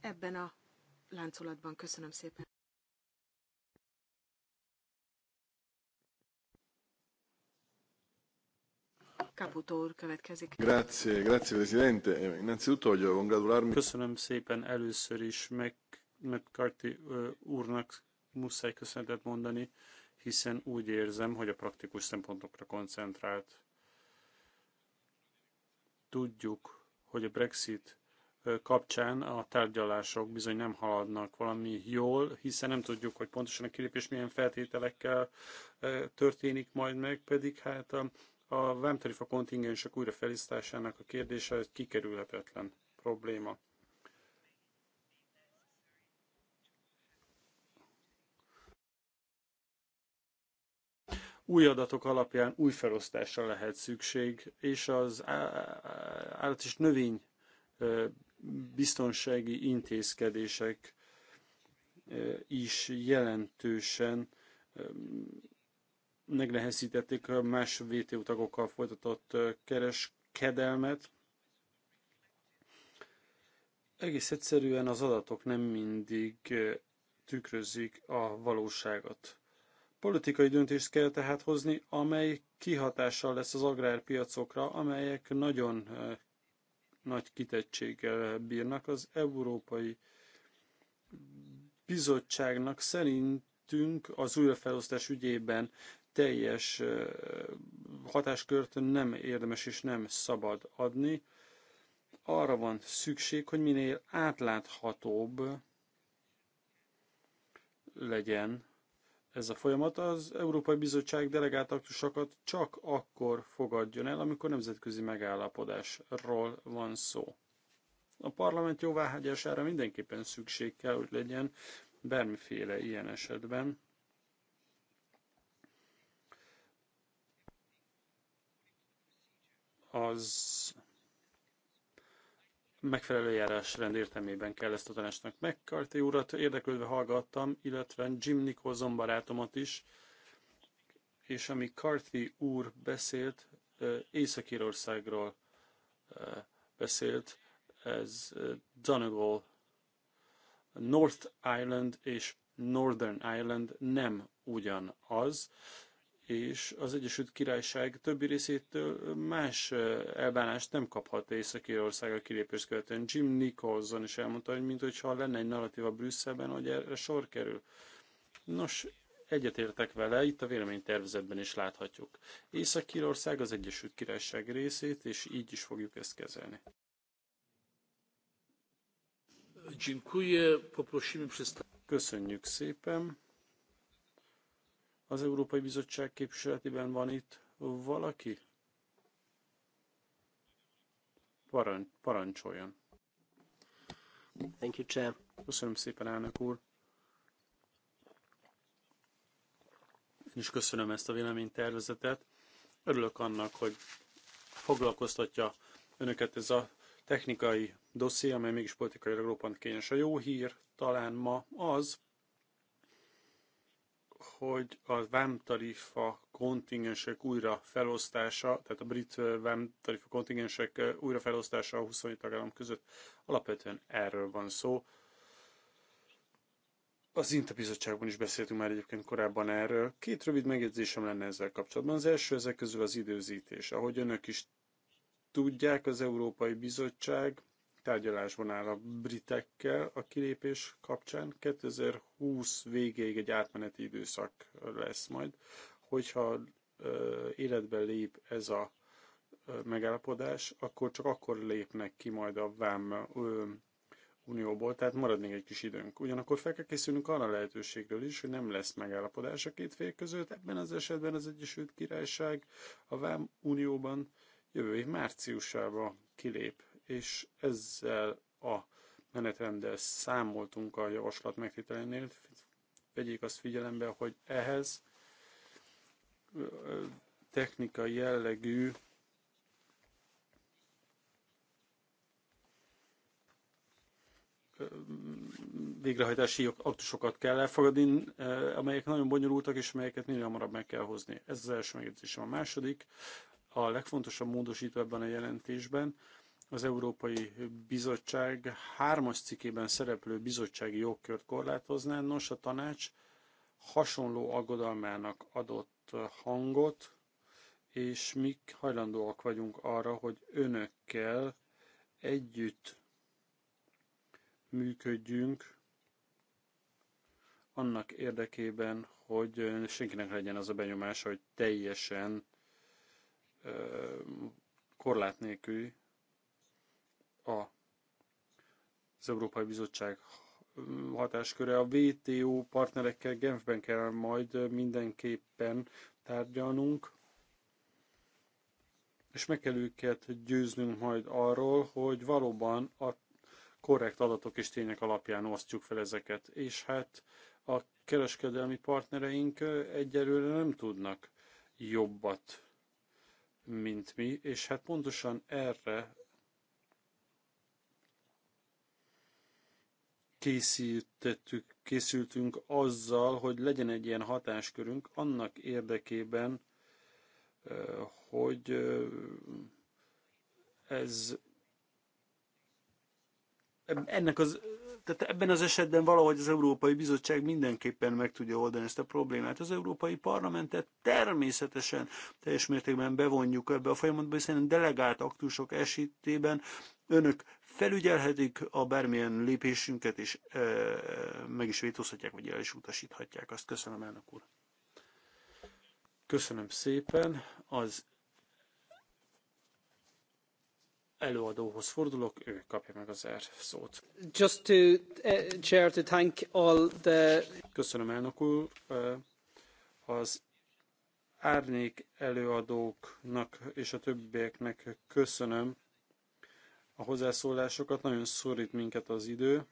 ebben a láncolatban. Köszönöm szépen. Caputo úr következik. Grazie, grazie Presidente. Eh, innanzitutto voglio congratularmi. Köszönöm szépen először is meg McCarthy úrnak muszáj köszönetet mondani, hiszen úgy érzem, hogy a praktikus szempontokra koncentrált. Tudjuk, hogy a Brexit kapcsán a tárgyalások bizony nem haladnak valami jól, hiszen nem tudjuk, hogy pontosan a kilépés milyen feltételekkel e, történik majd meg, pedig hát a, a vámtarifa kontingensek újrafelistásának a kérdése egy kikerülhetetlen probléma. új adatok alapján új felosztásra lehet szükség, és az állat és növény e, biztonsági intézkedések eh, is jelentősen eh, megnehezítették a más VTU tagokkal folytatott eh, kereskedelmet. Egész egyszerűen az adatok nem mindig tükrözik a valóságot. Politikai döntést kell tehát hozni, amely kihatással lesz az agrárpiacokra, amelyek nagyon nagy kitettséggel bírnak. Az Európai Bizottságnak szerintünk az újrafelosztás ügyében teljes hatáskört nem érdemes és nem szabad adni. Arra van szükség, hogy minél átláthatóbb legyen ez a folyamat, az Európai Bizottság delegált aktusokat csak akkor fogadjon el, amikor nemzetközi megállapodásról van szó. A parlament jóváhagyására mindenképpen szükség kell, hogy legyen bármiféle ilyen esetben. Az megfelelő járásrend értelmében kell ezt a tanácsnak. McCarthy urat érdeklődve hallgattam, illetve Jim Nicholson barátomat is, és ami Carthy úr beszélt, Észak-Írországról beszélt, ez Donegal, North Island és Northern Island nem ugyanaz és az Egyesült Királyság többi részétől más elbánást nem kaphat Észak-Írország a kilépést követően. Jim Nicholson is elmondta, hogy mintha lenne egy narratíva Brüsszelben, hogy erre sor kerül. Nos, egyetértek vele, itt a véleménytervezetben is láthatjuk. észak ország az Egyesült Királyság részét, és így is fogjuk ezt kezelni. Köszönjük szépen. Az Európai Bizottság képviseletében van itt valaki? parancsoljon. Thank you, Chair. Köszönöm szépen, elnök úr. Én is köszönöm ezt a véleménytervezetet. Örülök annak, hogy foglalkoztatja önöket ez a technikai dosszié, amely mégis politikai roppant kényes. A jó hír talán ma az, hogy a vámtarifa kontingensek újra felosztása, tehát a brit eh, vámtarifa kontingensek eh, újra felosztása a 27 tagállam között alapvetően erről van szó. Az INTA bizottságban is beszéltünk már egyébként korábban erről. Két rövid megjegyzésem lenne ezzel kapcsolatban. Az első ezek közül az időzítés. Ahogy önök is tudják, az Európai Bizottság tárgyalásban áll a britekkel a kilépés kapcsán. 2020 végéig egy átmeneti időszak lesz majd, hogyha életbe lép ez a megállapodás, akkor csak akkor lépnek ki majd a vám unióból, tehát marad még egy kis időnk. Ugyanakkor fel kell készülnünk arra a lehetőségről is, hogy nem lesz megállapodás a két fél között, ebben az esetben az Egyesült Királyság a Vám Unióban jövő év márciusában kilép és ezzel a menetrenddel számoltunk a javaslat megtételénél. Vegyék azt figyelembe, hogy ehhez technikai jellegű végrehajtási aktusokat kell elfogadni, amelyek nagyon bonyolultak, és amelyeket minél hamarabb meg kell hozni. Ez az első megjegyzésem. A második, a legfontosabb módosító ebben a jelentésben, az Európai Bizottság hármas cikkében szereplő bizottsági jogkört korlátozná, nos a tanács hasonló aggodalmának adott hangot, és mi hajlandóak vagyunk arra, hogy önökkel együtt működjünk annak érdekében, hogy senkinek legyen az a benyomása, hogy teljesen korlát nélkül a, az Európai Bizottság hatásköre. A WTO partnerekkel Genfben kell majd mindenképpen tárgyalnunk, és meg kell őket győznünk majd arról, hogy valóban a korrekt adatok és tények alapján osztjuk fel ezeket. És hát a kereskedelmi partnereink egyelőre nem tudnak jobbat, mint mi, és hát pontosan erre készítettük, készültünk azzal, hogy legyen egy ilyen hatáskörünk annak érdekében, hogy ez ennek az, tehát ebben az esetben valahogy az Európai Bizottság mindenképpen meg tudja oldani ezt a problémát. Az Európai Parlamentet természetesen teljes mértékben bevonjuk ebbe a folyamatba, hiszen delegált aktusok esetében önök felügyelhetik a bármilyen lépésünket, és meg is vétózhatják, vagy el is utasíthatják. Azt köszönöm, elnök úr. Köszönöm szépen. Az előadóhoz fordulok, ő kapja meg az R szót. Just to, uh, chair, to thank all the... Köszönöm, elnök úr. Az árnyék előadóknak és a többieknek köszönöm a hozzászólásokat, nagyon szorít minket az idő.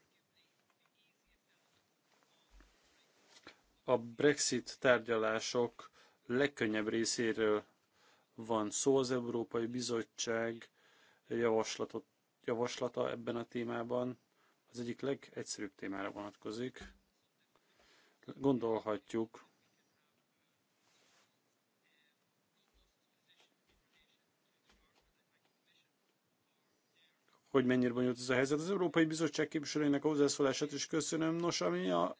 A Brexit tárgyalások legkönnyebb részéről van szó az Európai Bizottság javaslatot, javaslata ebben a témában. Az egyik legegyszerűbb témára vonatkozik. Gondolhatjuk, hogy mennyire bonyolult ez a helyzet. Az Európai Bizottság képviselőinek a hozzászólását is köszönöm. Nos, ami a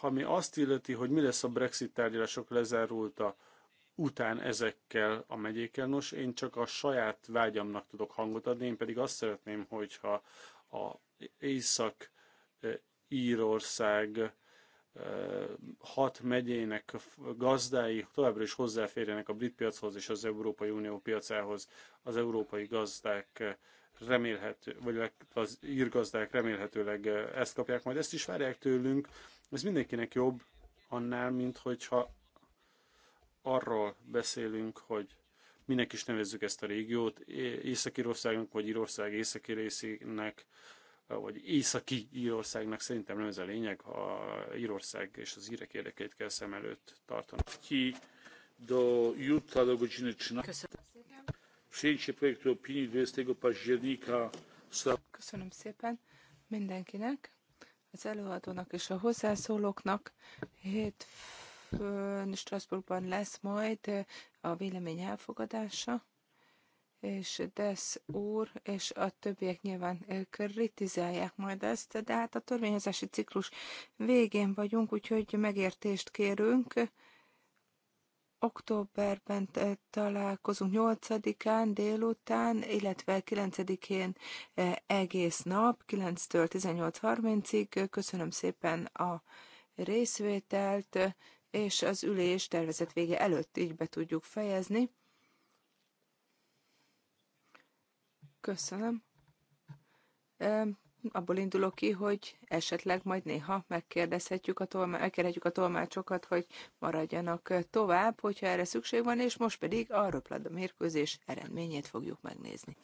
ami azt illeti, hogy mi lesz a Brexit tárgyalások lezárulta után ezekkel a megyékkel. Nos, én csak a saját vágyamnak tudok hangot adni, én pedig azt szeretném, hogyha a Észak Írország hat megyének gazdái továbbra is hozzáférjenek a brit piachoz és az Európai Unió piacához. Az európai gazdák remélhető, vagy az írgazdák remélhetőleg ezt kapják, majd ezt is várják tőlünk. Ez mindenkinek jobb annál, mint hogyha arról beszélünk, hogy minek is nevezzük ezt a régiót, Észak-Írországnak, vagy Írország északi részének, vagy északi Írországnak, szerintem nem ez a lényeg, ha Írország és az írek érdekeit kell szem előtt tartanak. Ki do jutra do godziny 13. Przyjęcie projektu opinii 20 października. Köszönöm szépen mindenkinek, az előadónak és a hozzászólóknak. Hétfőn Strasbourgban lesz majd a vélemény elfogadása és Desz úr és a többiek nyilván kritizálják majd ezt, de hát a törvényezési ciklus végén vagyunk, úgyhogy megértést kérünk. Októberben találkozunk 8-án délután, illetve 9-én egész nap, 9-től 18.30-ig. Köszönöm szépen a részvételt, és az ülés tervezett vége előtt így be tudjuk fejezni. Köszönöm. Abból indulok ki, hogy esetleg majd néha megkérdezhetjük a, tolmá- megkérdezhetjük a tolmácsokat, hogy maradjanak tovább, hogyha erre szükség van, és most pedig a röplad mérkőzés eredményét fogjuk megnézni.